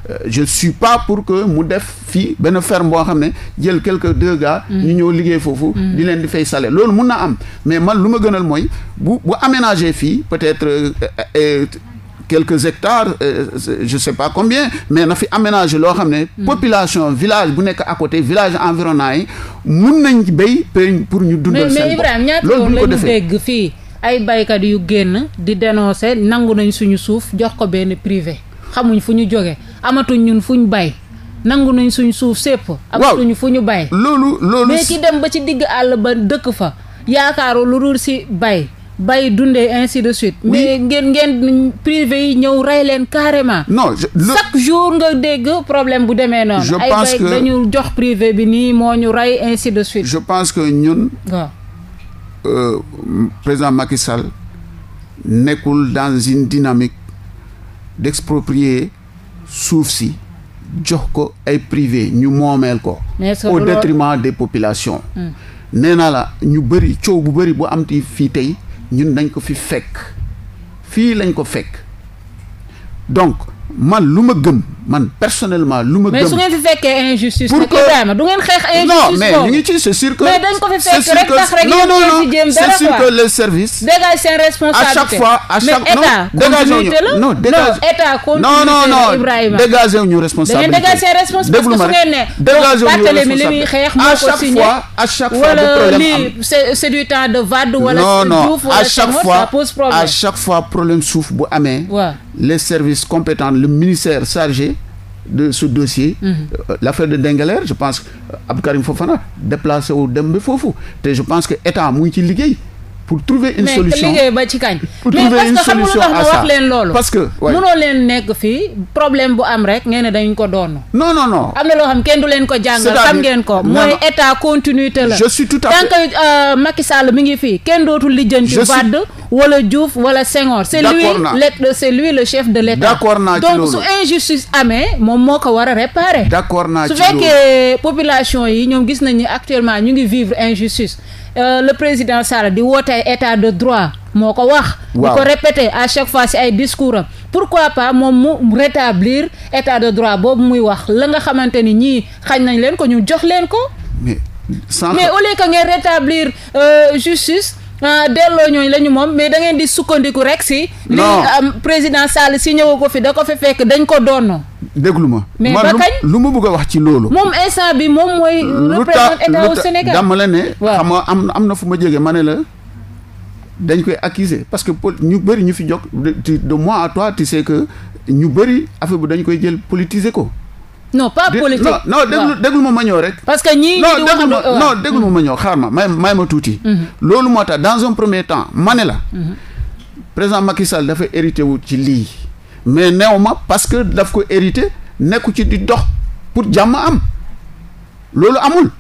Euh, je suis pas pour que mu def fii benn ferme boo xam ne jël quelques deux gars. Mm. ñu ñëw liggéey foofu. Mm. di leen di fay sale loolu mun na am mais man lu ma gënal mooy bu bu aménager fii peut-être. Euh, euh, quelques hectares euh, je sais pas combien mais na fi aménager loo xam ne mm. population village bu nekk à côté village environnant yi mun nañ béy pour ñu dundal seen bopp mais Ibrahima ñaata yoon la dégg fii ay baykat yu génn di dénoncer nangu nañ suñu suuf jox ko benn privé xamuñ fu ñu jóge amatuñ ñun fu ñu bay nangu nañ suñu suuf sépp amatuñ fu ñu bay loolu loolu mais ki dem ba ci digg àll ba dëkk fa yaakaaru lu dul si bay bay dundee inci de suite mais ngeen ngeen privé yi ñëw rey leen carrément non chaque jour nga dégg problème bu demee noonu ay bay dañu jox privé bi nii moo ñu rey ainsi de suite je pense que ñun waaw euh, président Macky Sall nekkul dans une dynamique d'exproprier suuf si jox ko ay privé ñu moomeel ko au détriment des populations hmm. nee naa la ñu bëri coow bu bëri bu am ti fii tey ñun dañ ko fi fekk fii lañ ko fekk donc man lu ma gëm man personnellement lu ma gëm. mais su ngeen fi fekkee injustice. pour que Ibrahima du ngeen xeex injustice. non mais ñu ngi ci c' est sûr que. mais dañ ko fi fekk rek tax rek non non non c' est sûr que les services. dégage seen responsabilité à chaque fois à chaque. mais état continuité la non dégage état continuité la dégagé wu ñu responsabilité da ngeen dégage seen responsabilité parce que su ngeen ne. dégagé wu ñu responsabilité à chaque fois à chaque fois wala lii c' est c' est du temps de Wade. wala Diouf wala Senghor ça pose problème non non à chaque fois à chaque fois problème suuf bu amee. waaw. les services compétents, le ministère chargé de ce dossier. Mm -hmm. L'affaire de Dengeler, je pense, Abkarim Fofana, déplacé au Dembe Fofu. te je pense que l'État a ligue pour trouver une solution mais liggéey ba ci kañ. pour trouver une solution à ça parce que mënoo leen nekk fii problème bu am rek ngeen ne dañu ko doon. non no no am ne loo xam kenn du leen ko jàngal. xam ngeen ko mooy état continuité la. je suis tout euh, mi ngi fii kenn dootul lijjanti. Wade wala Diouf wala Senghor. d' accord naa le chef de l' état. d' accord naa ci loolu donc su injustice amee moom moo ko war a réparer. d' accord su fekkee population yi ñoom gis nañu actuellement ñu ngi vivre injustice. Euh, le président Sall di woote état de droit moo ko wax. di ko répété à chaque fois si ay discours am. pourquoi pas moom mu rétablir état de droit boobu muy wax la nga xamante ni ñii xañ nañ leen ko ñu jox leen ko. mais mais au lieu que ngeen rétablir euh, justice. ah delloo ñooñu la ñu moom mais da ngeen di sukkandiku rek si. li am président Sall si ñëw ko fi da ko fi fekk dañ ko doon. déglu ma. mais ba kañ lu ma bëgg a wax ci loolu. moom instant bi moom mooy. représente état au Sénégal dama la am am na fu ma jógee ma ne la dañ koy accuser parce que ñu bëri ñu fi jóg de moi à toi tu sais que ñu bëri affaire bu dañ koy jël politiser ko. non pas politique non ma ma ñëw rek. parce que ñii euh, non déglu ma déglu ma ñëw xaar ma may ma tuuti. Mhm. loolu moo tax dans un premier temps ma ne la. Mhm. président Macky Sall dafa hérité wu ci lii. mais new ma parce que daf ko hérité nekku ci di dox pour jàmm am loolu amul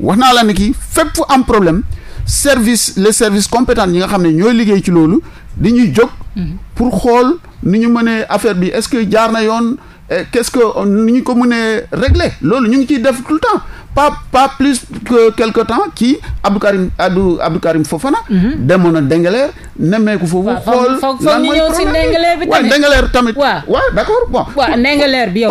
wax naa la ne kii fépp fu am problème service les service compétents yi nga xam ne ñooy liggéey ci loolu di ñuy jóg mhm. pour xool ni ñu mënee affaire bi est-ce que jaar na yoon Eh, qu'est-ce que ni ñu ko mënee régler loolu ñu ngi ciy def tout le temps pas pas plus que quelque temps ci Abdou Karim Abdou Abdou Karim foofu mhm. demoon na Dengaleer nemmeeku foofu. xool lan mooy problème waaw Dengaleer tamit. waaw d'accord bon. waaw Dengaleer bi yow.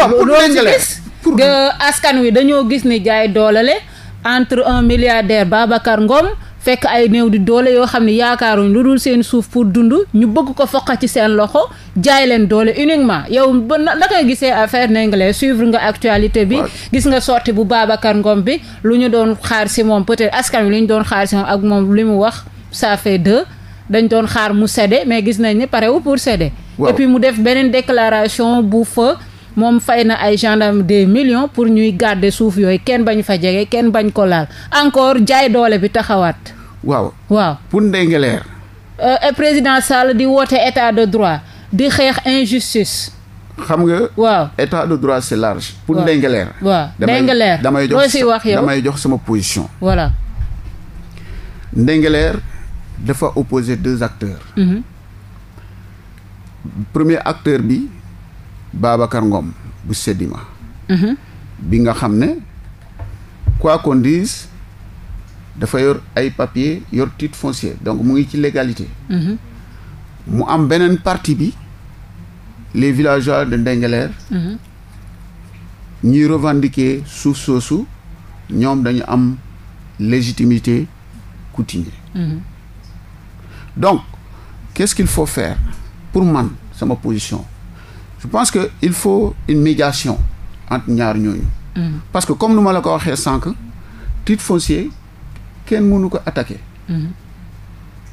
pour que askan wi dañoo gis ni jaay doolale entre un milliardaire Babacar Ngom. fekk ay néew di doole yoo xam ne yaakaaruñ lu dul seen suuf pour dund ñu bëgg ko foqa ci seen loxo jaay leen doole uniquement yow ba naka gisee affaire Ndingler suivre nga actualité bi gis nga sorti bu Babacar Ngom bi lu ñu doon xaar si moom peut-être askan wi lu ñu doon xaar si moom ak moom li mu wax ça fait dañ doon xaar mu sede mais gis nañ ne parewu pour cédé et mu def beneen déclaration bu fa moom fay na ay gendarme des millions pour ñuy garder suuf yooyu kenn bañ fa jege kenn bañ ko laal encore jaay doole bi taxawaat. waaw waaw pour Ndeye Nguer. Euh, président Sall di woote état de droit di xeex injustice. xam nga. waaw état de droit c'est large. pour Ndeye Nguer. waaw Ndeye Nguer damay damay jox sama position. voilà. Ndeye dafa opposer deux acteurs. Mm acteur bi. Babacar Ngom bu Sedima mhm. bi nga xam ne quoi qu'on dise dafa yor ay papier yor titre foncier donc mu ngi ci légalité mhm. mu am beneen partie bi les villageois de Ndengeleer mhm. ñuy revendiquer suuf soosu ñoom dañu am légitimité coutumier donc qu'est-ce qu'il faut faire pour man sama position je pense que il faut une médiation entre ñaar ñooñu. Mm. parce que comme nu ma la ko waxee sànq titre foncier kenn mënu ko attaqué. Mm.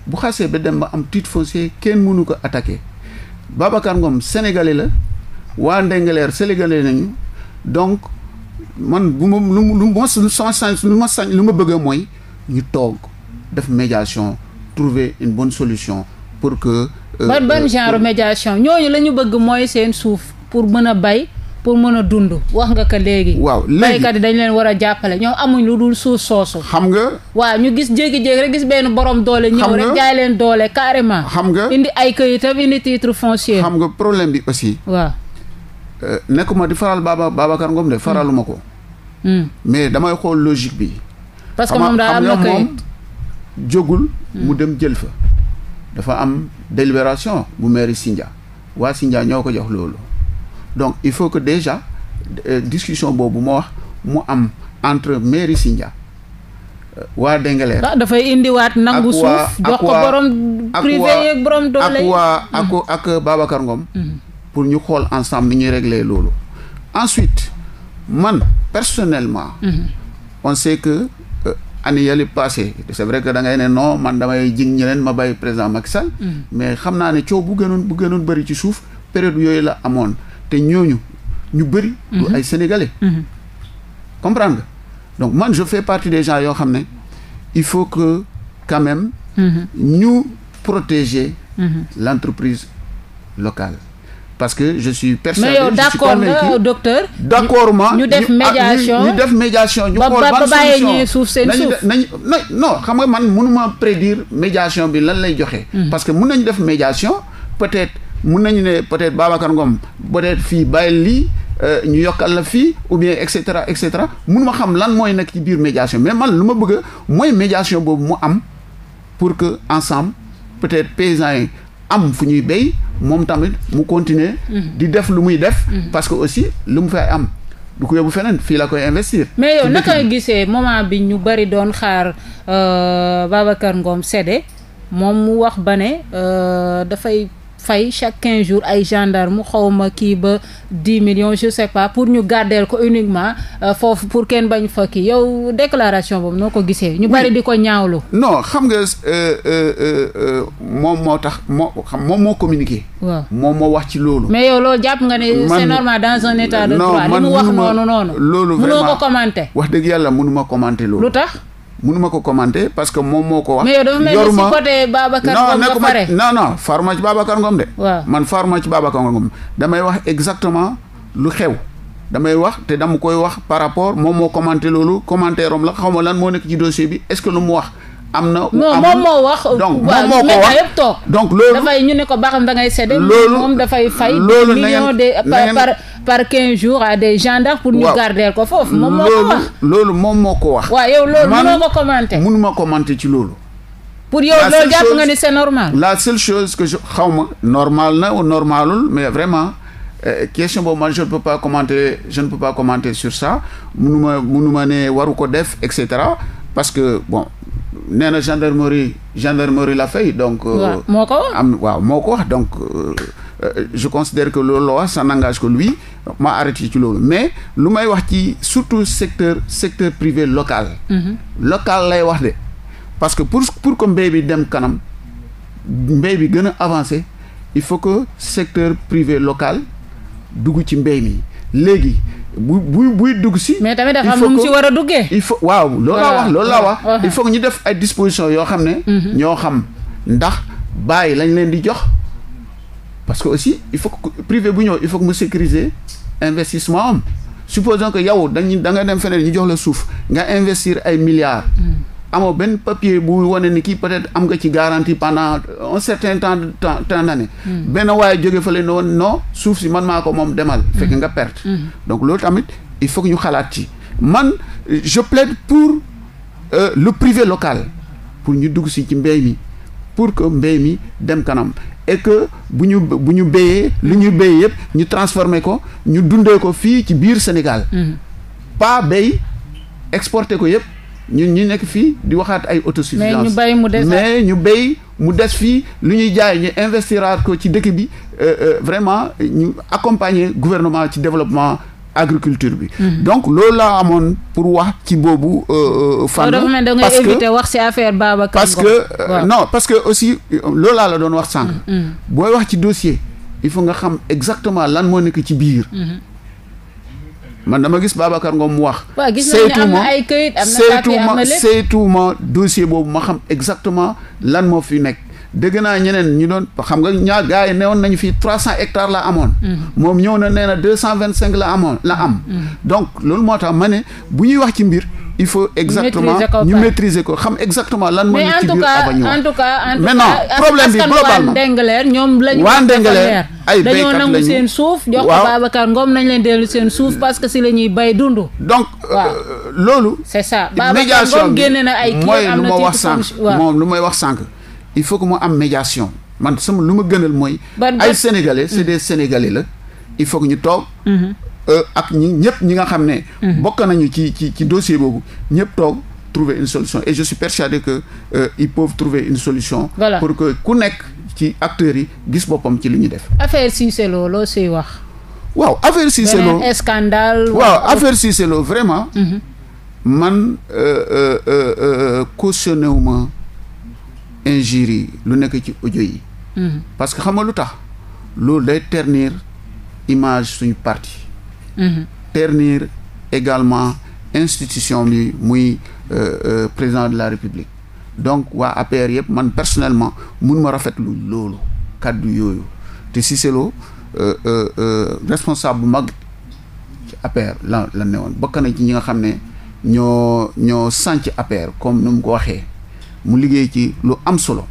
bu xasee ba dem ba am titre foncier kenn mënu ko attaqué Babacar Ngom sénégalais la waa Ndengeleer sénégalais nañu donc man bu ma lu lu ma sañ lu ma sañ lu ma bëgg mooy ñu toog def médiation trouver une bonne solution pour que. Euh, ban ban euh, genre médiation ñooñu la ñu bëgg mooy seen suuf pour mën a bay pour mën a dund wax nga ko léegi. waaw léegi baykat yi dañ leen war a jàppale ñoom amuñ lu dul suuf soosu. xam nga. waa ñu gis jéegi jékki rek gis benn borom doole. ñëw rek jaay leen doole carrément. xam nga indi ay këyitam indi titre foncier. xam nga problème bi aussi. waaw. Euh, nekkuma di faral Baba Babacar Ngom de faraluma ko. Hmm. Hmm. mais damay xool logique bi. parce que moom daa am na këyit jógul mu hmm. dem jël fa. dafa am délibération bu mairie Sindia waa Sindia ñoo ko jox loolu donc il faut que déjà euh, discussion boobu moo wax mu am entre mairie Sindia euh, waa Dengaleer ah, dafay indiwaat nangu suuf jox ko borom privé borom doole ak waa hmm. ak ak Babacar hmm. pour ñu xool ensemble ni ñuy régler loolu ensuite man personnellement hmm. on sait que année yële passé c'est vrai que dangay ne non man damay jig ñeneen ma bàyyi président Macky Sall. Mm. mais xam naa ne coow bu gënoon bu gënoon bëri ci suuf période yooyu la amoon te ñooñu ñu bëri. du mm-hmm. ay sénégalais. Mm-hmm. comprendre donc man je fais partie des gens yoo xam ne il faut que quand même. Mm-hmm. ñu protéger. l'entreprise locale. parce que je suis persuadé. mais yow d'accord nga docteur. d'accord ah, ma ñu def médiation ñu def médiation. ñu xool ban solution suuf seen suuf nañu non xam nga man mënuma prédire médiation bi lan lay joxe. Mm-hmm. parce que mun nañu def médiation peut-être mun nañu ne peut-être Babacar Ngom peut-être fii bàyyi lii. Euh, ñu yokkal la fii ou bien et cetera et cetera mun ma xam lan mooy nekk ci biir médiation mais man lu ma bëgg mooy médiation boobu mu am pour que ensemble peut-être paysans yi am fu ñuy béy moom tamit mu continuer mhm. di def lu muy def mhm. parce que aussi lu mu fay am du ko yóbbu feneen fii la koy investir mais yow naka gisee moment bi ñu bari doon xaar euh, Babacar ngoom sedde moom mu wax ba ne euh, dafay fay chaque quinze jours ay gendarme xawma kii ba dix millions je sais pas pour ñu gàddeel ko uniquement euh, foofu pour kenn bañ fa kii yow déclaration boobu noo ko gisee. ñu bari di ko ñaawlu. non xam nga euh, euh, moom moo tax moo xam moom moo communiqué. waaw moom moo wax ci loolu. mais yow loolu jàpp nga ne. c'est normal dans un état de droit. li mu wax noonu noonu. loolu vraiment ko commenter. wax dëgg yàlla mënuma commenter loolu. lu tax. munuma ko commenter parce que moom moo ko wax. yoruma mais yow Babacar Ngom ba pare non non faruma ci Babacar Ngom de. man faruma ci Babacar Ngom damay wax exactement lu xew. damay wax te dama koy wax par rapport moom moo commenté loolu commentaire am la xaw ma lan moo nekk ci dossier bi est-ce que lu mu wax am na. moom moo wax. donc moom moo ko wax donc loolu dafay ñu ne ko baax da ngay séddee. loolu moom dafay fay. loolu million de par par par quinze jours à des gendarmes pour ñu garder ko foofu. moom moo ko wax loolu moom moo ko wax. waaye yow loolu mënoo ko commenter. mënuma commenter ci loolu. pour yow loolu jàpp nga ni c'est normal. la seule chose que je xaw ma normal na ou normalul mais vraiment. Euh, question boobu man je ne peux pas commenter je ne peux pas sur ça munuma munuma ne waru ko def et cetera parce que bon nee na gendarmerie gendarmerie la fay donc. Euh, moo ko am waaw moo ko wax donc euh, euh, je considère que loolu la wax ça n'engage que lui ma arrêté ci loolu mais lu may wax ci surtout secteur secteur privé local. Mhm. local lay wax de parce que pour pour que mbéy bi dem kanam mbéy bi gën a avancé il faut que secteur privé local dugg ci mbéy mi. léegi bu buy buy dugg si. mais tamit dafa am lu mu si war a duggee. il faut waaw loolu laa wax loolu laa wax. il faut que ñu def ay dispositions yoo xam ne. Mhm. ñoo xam ndax bàyyi lañ leen di jox. parce que aussi il faut que privé bu ñëw il faut que mu sécuriser investissement am supposons que yow dañu da nga dem feneen ñu jox la suuf nga investir ay milliards. Mhm. amoo benn papier bu wane ni kii peut-être am nga ci garantie pendant un certain temps de temps temps d'année. Hmm. benn waaye jóge fële ne woon non suuf si man maa ko moom demal. Hmm. fekk nga perte. Hmm. donc loolu tamit il faut que ñu xalaat ci man je plaide pour euh, le privé local pour ñu dugg si ci mbéy mi pour que mbéy mi dem kanam. et que bu ñu bu ñu béyee lu ñu béyee yëpp ñu transformer ko ñu dundee ko fii ci biir Sénégal. Mm -hmm. pas béy exporter ko yëpp. ñun ñu nekk fii di waxaat ay autosuffisance mais ñu béy mu des fii lu ñuy jaay ñu investiraat ko ci dëkk bi euh, euh, vraiment ñu accompagner gouvernement ci développement agriculture bi. Mm-hmm. donc loolu laa amoon pour wax ci boobu euh, fànn. parce que éviter wax ci affaire Babacar parce que non parce que aussi loolu laa la doon wax sànq. Mm-hmm. booy wax ci dossier il faut nga xam exactement lan moo nekk ci biir. Mm-hmm. man dama gis Babacar Ngom mu wax. waaw gis nañ am na ay këyit am na saytuuma dossier boobu ma xam exactement lan moo fi nekk. dégg naa ñeneen ñu doon xam nga ñaar gars yi newoon nañu fii trois cent hectares la amoon. Mm. moom ñëw na nee na deux cent vingt cinq la amoon la am. Mm. donc loolu moo tax ma ne bu ñuy wax ci mbir. il faut exactement ñu maîtriser ko xam exactement lan mooy. ci biir Avagnon mais en tout cas en tout cas. maintenant problème bi globalement ñoom lañu. waa Ndengler ay béykat lañu dañoo nangu seen suuf. jox ko Babacar Ngom nañ leen dellu seen suuf hmm. parce que si la ñuy bay dund. donc euh, loolu. c'est ça Babacar Ngom génne na ay kii am na ci moom lu may wax sànq il faut que mu am médiation man sama lu ma gënal mooy. ay sénégalais c'est hmm. des sénégalais la il faut ñu toog. Hmm. Euh, ak ñi ñëpp ñi nga xam ne. Mhm. bokk nañu ci ci ci dossier boobu ñëpp toog. trouver une solution et je suis persuadé que euh, ils peuvent trouver une solution voilà. pour que ku nekk ci acteurs yi gis boppam ci lu ñu def affaire Cissé Lo loo siy wax waaw affaire Cissé Lo scandale waaw affaire Cissé Lo vraiment mhm. man euh, euh, euh, euh yi lu nekk ci audio yi mhm. parce que xam nga lu tax loolu day ternir image suñu parti Mm-hmm. ternir également institution bi muy euh, euh, président de la république donc waa APR yëpp man personnellement mun ma rafetlu loolu kàddu yooyu te Cicelo euh, responsable bu mag ci APR la la ne woon bokk na ci ñi nga xam ne ñoo ñoo sanc APR comme nu mu ko waxee mu liggéey ci lu am solo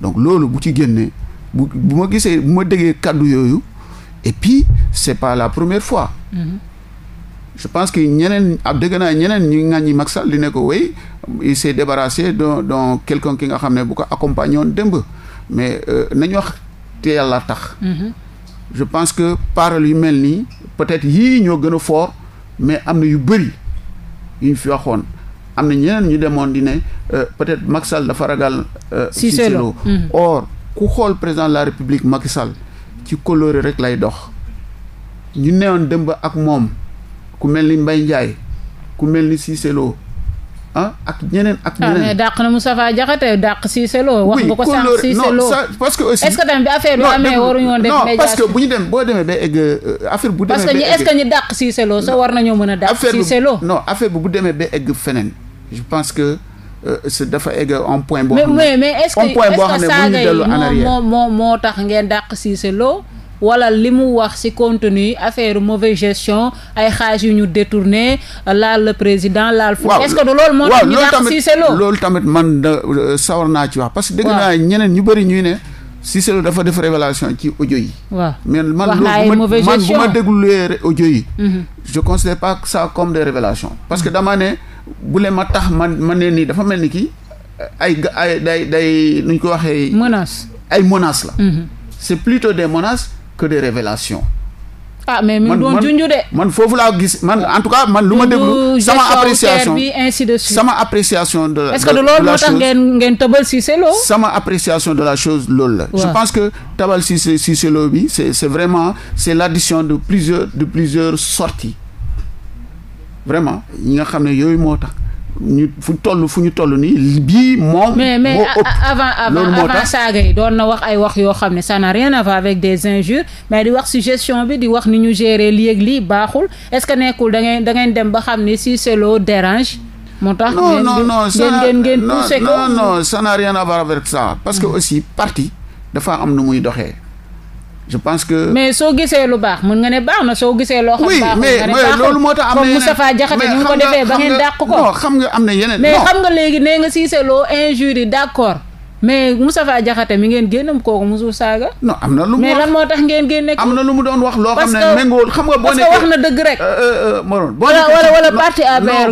donc loolu bu ci génnee bu bu ma gisee bu ma déggee kàddu yooyu puis c'est pas la première fois. Mm-hmm. je pense que ñeneen ab dëgg naa ñeneen ñu ŋàññi Macky Sall di ne ko wéy il s'est débarrassé don don quelqu'un ki nga xam ne bu ko accompagné woon démb mais euh, nañu wax te yàlla tax. Mm-hmm. je pense que paroles yu mel nii peut-être yii ñoo gën a mais am na yu bëri yu ñu fi waxoon am na ñeneen ñu demoon di ne euh, peut-être Macky Sall dafa ragal. Euh, Cicelo mm-hmm. or ku xool président la République Macky Sall. ci coloré rek lay dox ñu neewoon dëmb ak moom ku mel ni mbay Ndiaye ku mel ni Cissé Lo ah ak ñeneen ak ah, ñeneen. ah mais dàq na Moustapha Diakhaté dàq Cissé Lo. wax nga ko sànq Cissé Lo parce que aussi. est-ce bi affaire bi amee waruñu woon parce que bu ñu dem boo demee ba egg euh, affaire bu. demee parce que ñi que ñi dàq Cissé Lo sax war nañoo mën a. dàq Cissé Lo affaire non affaire bi bu demee ba egg feneen je pense que. Euh, c' dafa egg un point. boo xam ne mais est-ce que est-ce que saaga yi moo moo moo tax ngeen dàq Cissé Lo wala li mu wax ci contenu affaire mauvaise gestion ay xaalis yu ñu détourné laal le président laal. fu est-ce que loolu moo tax ñu dàq Cissé Lo loolu tamit man da euh, sawar naa ci wax. parce que dégg naa ñeneen ñu bëri ñuy ne. Cissé Lo dafa def révélation ci audio yi. waaw mais man loolu man bu ma dégluwee audio yi. Mhm. je considère pas ça comme des révélations parce que dama ne. bu le ma tax ma ma ne nii dafa mel ni kii ay ay day day nu ñu ko waxee. menace ay menace la. Mhm. c'est plutôt des menaces que des révélations ah mais mi doon junj de. man foofu laa gis man en tout cas man lu ma déglu. sama appréciation bi ainsi de suite sama appréciation de la. est-ce sama appréciation de la chose loolu la. je pense que Tabal Cissé Cissé Lo bi c'est c'est vraiment c'est l'addition de plusieurs de plusieurs sorties. vraiment ñi nga xam ne yooyu moo tax ñu fu toll fu ñu toll nii bii moom. mais mais avant avant avant saaga yi doon na wax ay wax yoo xam ne ça n'a rien avec des injures mais di wax si gestion bi di wax ni ñu gérer lii ak lii baaxul est-ce que nekkul da ngeen da dem ba xam ni si cela dérange. moo tax non non non ngeen ngeen poussé ko non non ça n'a avec ça parce que hmm. aussi parti dafa am nu muy doxee. je pense que. mais soo gisee lu baax mën nga ne baax na soo gisee loo xam. nga ne baaxul moo tax am na yeneen Moustapha Diakhaté ni ñu ko defee na yeneen. mais xam nga léegi nee nga Cissé Lo injure d' accord mais Moustapha Diakhaté mi ngeen génn kooku musul saaga. non am na lu mu mais lan moo tax ngeen am na lu mu doon wax loo xam ne méngoowul xam nga boo nekkee parce que wax na dëgg rek. Euh, euh, euh, Morone boo nekkee wala wala parti APR.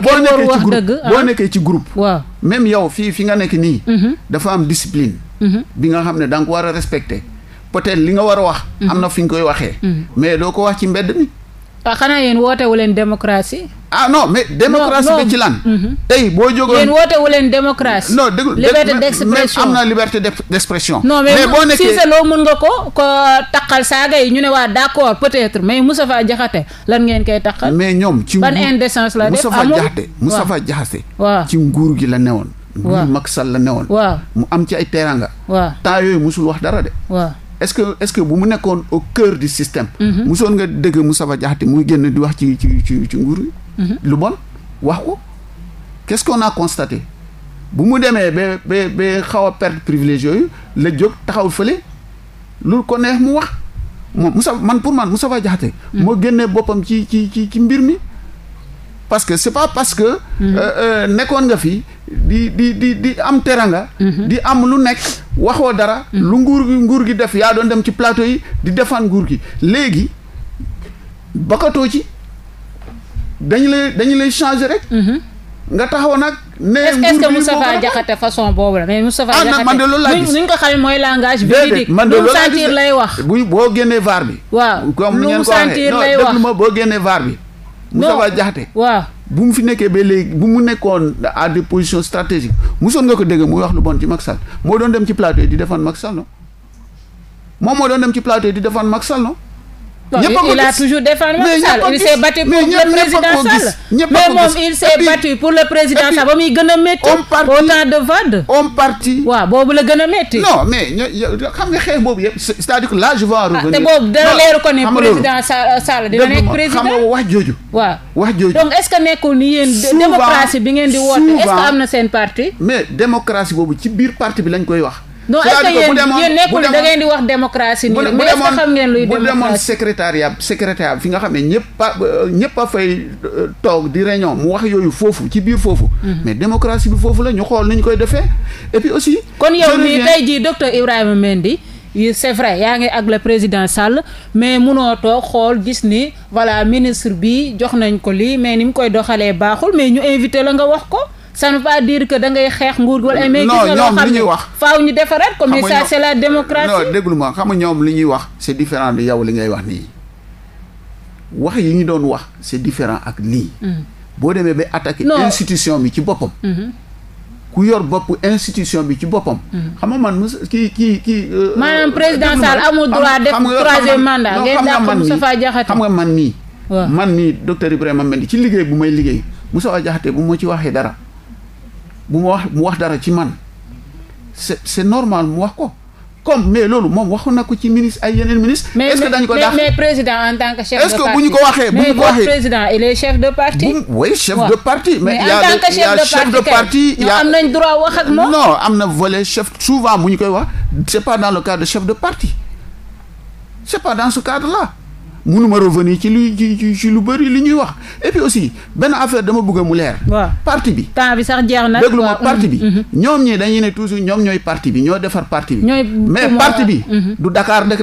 boo nekkee ci groupe boo ah. nekkee ci groupe. waaw yow fii fi nga nekk nii. Mhm. dafa am discipline. Mhm. bi nga xam ne da nga ko war a respecter peut-être li nga war a wax. Mhm. am na fu ñu koy waxee. Mhm. mais doo ko wax ci mbedd mi. waaw xanaa yéen woote wu leen démocratie. ah no mais démocratie bi ci lan. Mhm. tey boo jógoon woote wu leen démocratie. non déglu liberté d'expression am na liberté d'expression. non mais boo nekkee Cissé Lo mën nga ko ko taqal saaga yi ñu ne waa d'accord peut-être mais Moustapha Diakhaté lan ngeen koy taqal. mais ñoom ci ban indécence la def amul Moustapha Diakhaté waaw ci nguur gi la newoon. waaw nguur Macky Sall la newoon. waaw mu am ci ay teranga. waaw temps yooyu musul wax dara de. est-ce que est-ce que bu mu nekkoon au cœur du système. mosoon mhm. nga dégg Moustapha Diakhaté muy génn di wax ci ci ci ci nguur yi. Mhm. lu bon wax ko. qu'est-ce a constaté bu mu demee ba ba ba xaw a perte privilège yooyu la jóg taxaw fële lu ko neex mu wax moom mu Moussa man pour man mu Moustapha Diakhaté mhm. moo génnee boppam ci ci ci ci mbir mi. parce que c'est pas parce que. Mhm. Euh, euh, nekkoon nga fi di di di di am teranga. Mhm. di am lu nekk wax waxoo dara. Mhm. lu nguur gi nguur gi def yaa doon dem ci plateau yi di defaan nguur gi léegi bakkatoo ci dañu lay dañu lay changer rek. nga taxaw nag. ne nguur est façon boobu la mais Moustapha Diakhaté. ah non man de loolu laa gis nuñ ko xamee mooy langage. véridique man de loolu laa gis sentir lay wax. bu boo génnee vaar bi. waaw lu mu sentir lay wax comme ni ngeen boo génnee vaar bi. Moustapha Diakhaté waaw bu mu fi nekkee ba léegi bu mu nekkoon à position positions stratégiques mosoon nga ko dégg muy wax lu bon ci mag Sall moo doon dem ci plateau yi di défendre mag Sall non moom moo doon dem ci plateau yi di défendre mag Sall non ñëpp a ko gis il a toujours défendu pour le président Sall mais moom il s'est battu pour le président Sall ba muy gën a métti au boobu la gën a métti non mais xam nga xeex boobu yëpp c'est-à-dire que là je vais en ah, boobu dara leeru ko ni président euh, Sall dina nekk président xam nga wax jooju waaw wax jooju donc est-ce que nekkul ni yéen démocratie bi ngeen di woote est-ce que am na seen parti mais démocratie boobu ci biir parti bi lañ koy wax non est-ce que yéen wax démocratie nii mais est-ce que xam ngeen luy démocratie bu demoon secrétariat secrétariat fi nga xam ne ñëpp a euh, ñëpp a fay euh, toog di réunion mu wax yooyu foofu ci biir foofu mm-hmm. mais démocratie bi foofu la ñu xool nu ñu koy defee et aussi kon yow mii tey jii docteur Ibrahima Mendy c'est vrai yaa ngi ak le président sàll mais munoo toog xool gis ni voilà ministre bi jox nañ ko lii mais ni mu koy doxalee baaxul mais ñu invité la nga wax ko ça ne veut pas dire que da ngay xeex nguur gi wala. mais gis nga loo xam ne faaw ñu defaraat la démocratie. non xam nga ñoom li ñuy wax c'est différent de yow ngay wax nii wax yi ñu doon wax c'est différent ak lii. Mm. boo demee ba attaquer. institution bi ci boppam. Mm-hmm. ku yor bopp institution bi ci boppam. Mm. xam nga man mos kii kii kii. Euh, maanaam président Sall amul droit def troisième mandat. xam nga man mii xam nga man mii. man mii docteur Ibrahima Mendy ci liggéey bu may liggéey Moustapha Diakhaté bu ma ci waxee dara. bu ma wax mu wax dara ci man c'est c'est normal mu wax ko comme mais loolu moom waxu na ko ci ministre ay yeneen ministre est-ce que dañu ko daax mais président en tant que chef de parti est-ce que bu ñu ko waxee bu ñu ko waxee président il est chef de parti oui chef de parti mais il y a le chef de parti y a am nañ droit wax ak moom non am na volet chef souvent bu ñu koy wax c'est pas dans le cadre de chef de parti c'est pas dans ce cadre-là munuma revenir ci lu ci ci lu bëri li ñuy wax et aussi benn affaire dama bëgg mu leer. waaw parti bi. temps bi sax jeex na. déglu ma parti bi. Mm-hmm. ñoom ñii dañuy ne toujours ñoom ñooy parti bi ñoo defar parti bi. mais mm-hmm. parti bi. du Dakar de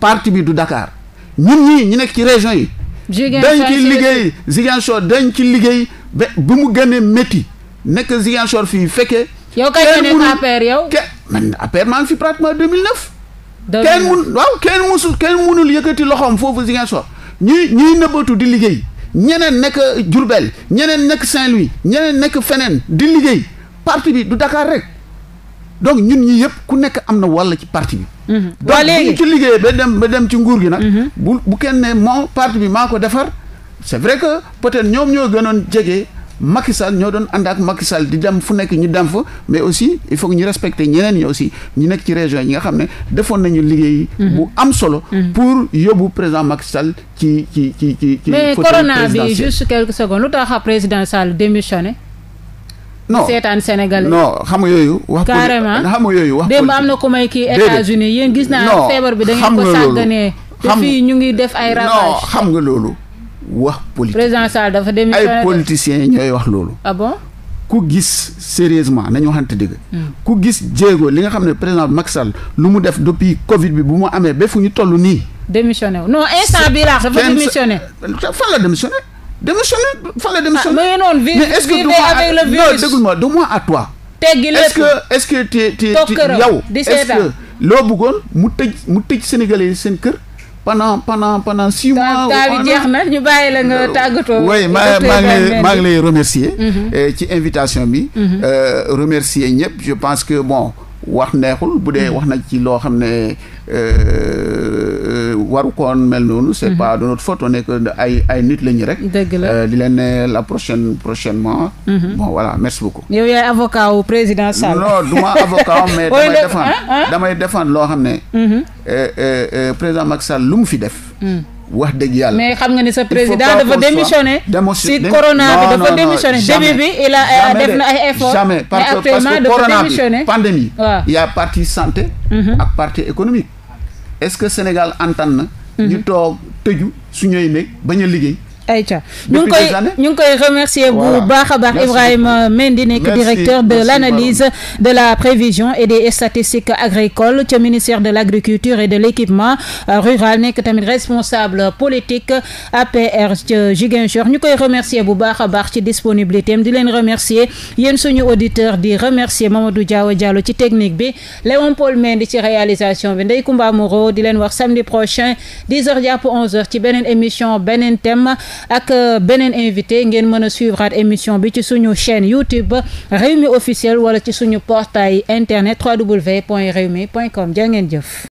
parti bi du dakaar ñun ñii ñu nekk ci région yi. dañ ci liggéey Ziguinchor dañ ci liggéey ba bu mu gënee métti nekk Ziguinchor fii fekkee. yow kay nga nekk APR yow. man APR maa ngi fi pratiquement 2009. kenn mun waaw kenn musul kenn munul yëkkati loxoom foofu Ziguinchor ñuy ñuy nëbbatu di liggéey ñeneen nekk jurbel ñeneen nekk Saint-Louis ñeneen nekk feneen di liggéey parti bi du Dakar rek donc ñun ñi yëpp ku nekk am na walla ci parti bi. Mhm. donc ci liggéey ba dem ba dem ci nguur gi nag. Mhm. bu bu kenn ne moo parti bi maa ko defar c'est vrai que peut-être ñoom ñoo gënoon jege. Macky Sall ñoo doon ànd ak Macky Sall di dem fu nekk ñu dem fa mais aussi il faut que ñu respecter ñeneen ñi aussi ñu nekk ci région yi nga xam ne defoon nañu liggéey. Mhm. bu am solo. Mhm. pour yóbbu président Macky Sall ci ci ci ci ci. mais corona bi juste quelques secondes lu tax président Sall démissionné. non seetaan sénégalais non xam nga yooyu. wax carrément xam nga yooyu wax. démb am na ku may kii États-Unis yéen gis naa. feebar bi da ngeen ko sàgganee. te fii ñu ngi def ay ravages xam nga loolu. wax politique président Sall dafa dem ay politiciens ñooy wax loolu. ah bon ku gis sérieusement nañu waxante dëgg. Hmm. ku gis jéego li nga xam ne président Macky Sall lu mu def depuis Covid bi bu mu amee ba fu ñu toll nii. démissionné non instant bii laax dafa démissionné. fan la démissionné. démissionné fan la démissionné. ah mais est ce que avec le virus non déglu ma du moi à toi. teggi lépp est ce que est que te te yow. est ce loo bëggoon mu tëj mu tëj Sénégalais yi seen kër. pendant pendant pendant six mois. temps jeex na ñu bàyyi la nga euh, tàggatoo. oui maa maa ngi lay maa ngi lay remercier. Mhm. Euh, ci invitation bi. Mhm. Euh, remercier ñëpp je pense que bon wax neexul bu dee mhm. wax na ci loo xam ne. waru koon mel noonu c'est mhm. pas de notre faute on est que ay nit la rek euh, di leen ne la prochaine prochainement mhm. bon voilà merci beaucoup yow yaay avocat wu président Sall du ma avocat [laughs] mais damay défendre loo xam ne mhm. euh, euh, président Macky Sall lu mu fi def mm. wax dëgg yàlla. mais xam nga ni sa président dafa démissionné. si corona bi dafa démissionné. début bi il a def na ay efforts. parce que corona bi pandémie. waaw y a partie santé. ak partie économique. est-ce que Sénégal antan na. ñu mhm. toog tëju suñuy nekk bañ a liggéey. Aïcha ñu ngi koy remercier bu baax a baax Ibrahima Mendy nekk directeur de l'analyse de la prévision et des statistiques agricoles ca ministère de l'agriculture et de l'équipement euh, rural nekk tamit responsable politique APR ca Ziguinchor ñu koy remercier bu baax a baax ci disponibilité am di leen remercier yéen suñu auditeur di remercier Mamadou Diaw Diallo ci technique bi Léon Paul Mendy ci réalisation bi Ndeye Koumba Moreau di leen wax samedi prochain 10h jàpp 11h ci beneen émission beneen thème ak euh, beneen invité ngeen mën a suivre émission bi ci suñu chaîne YouTube Rewmi officiel wala ci suñu portail internet www.rewmi.com jaa ngeen jëf.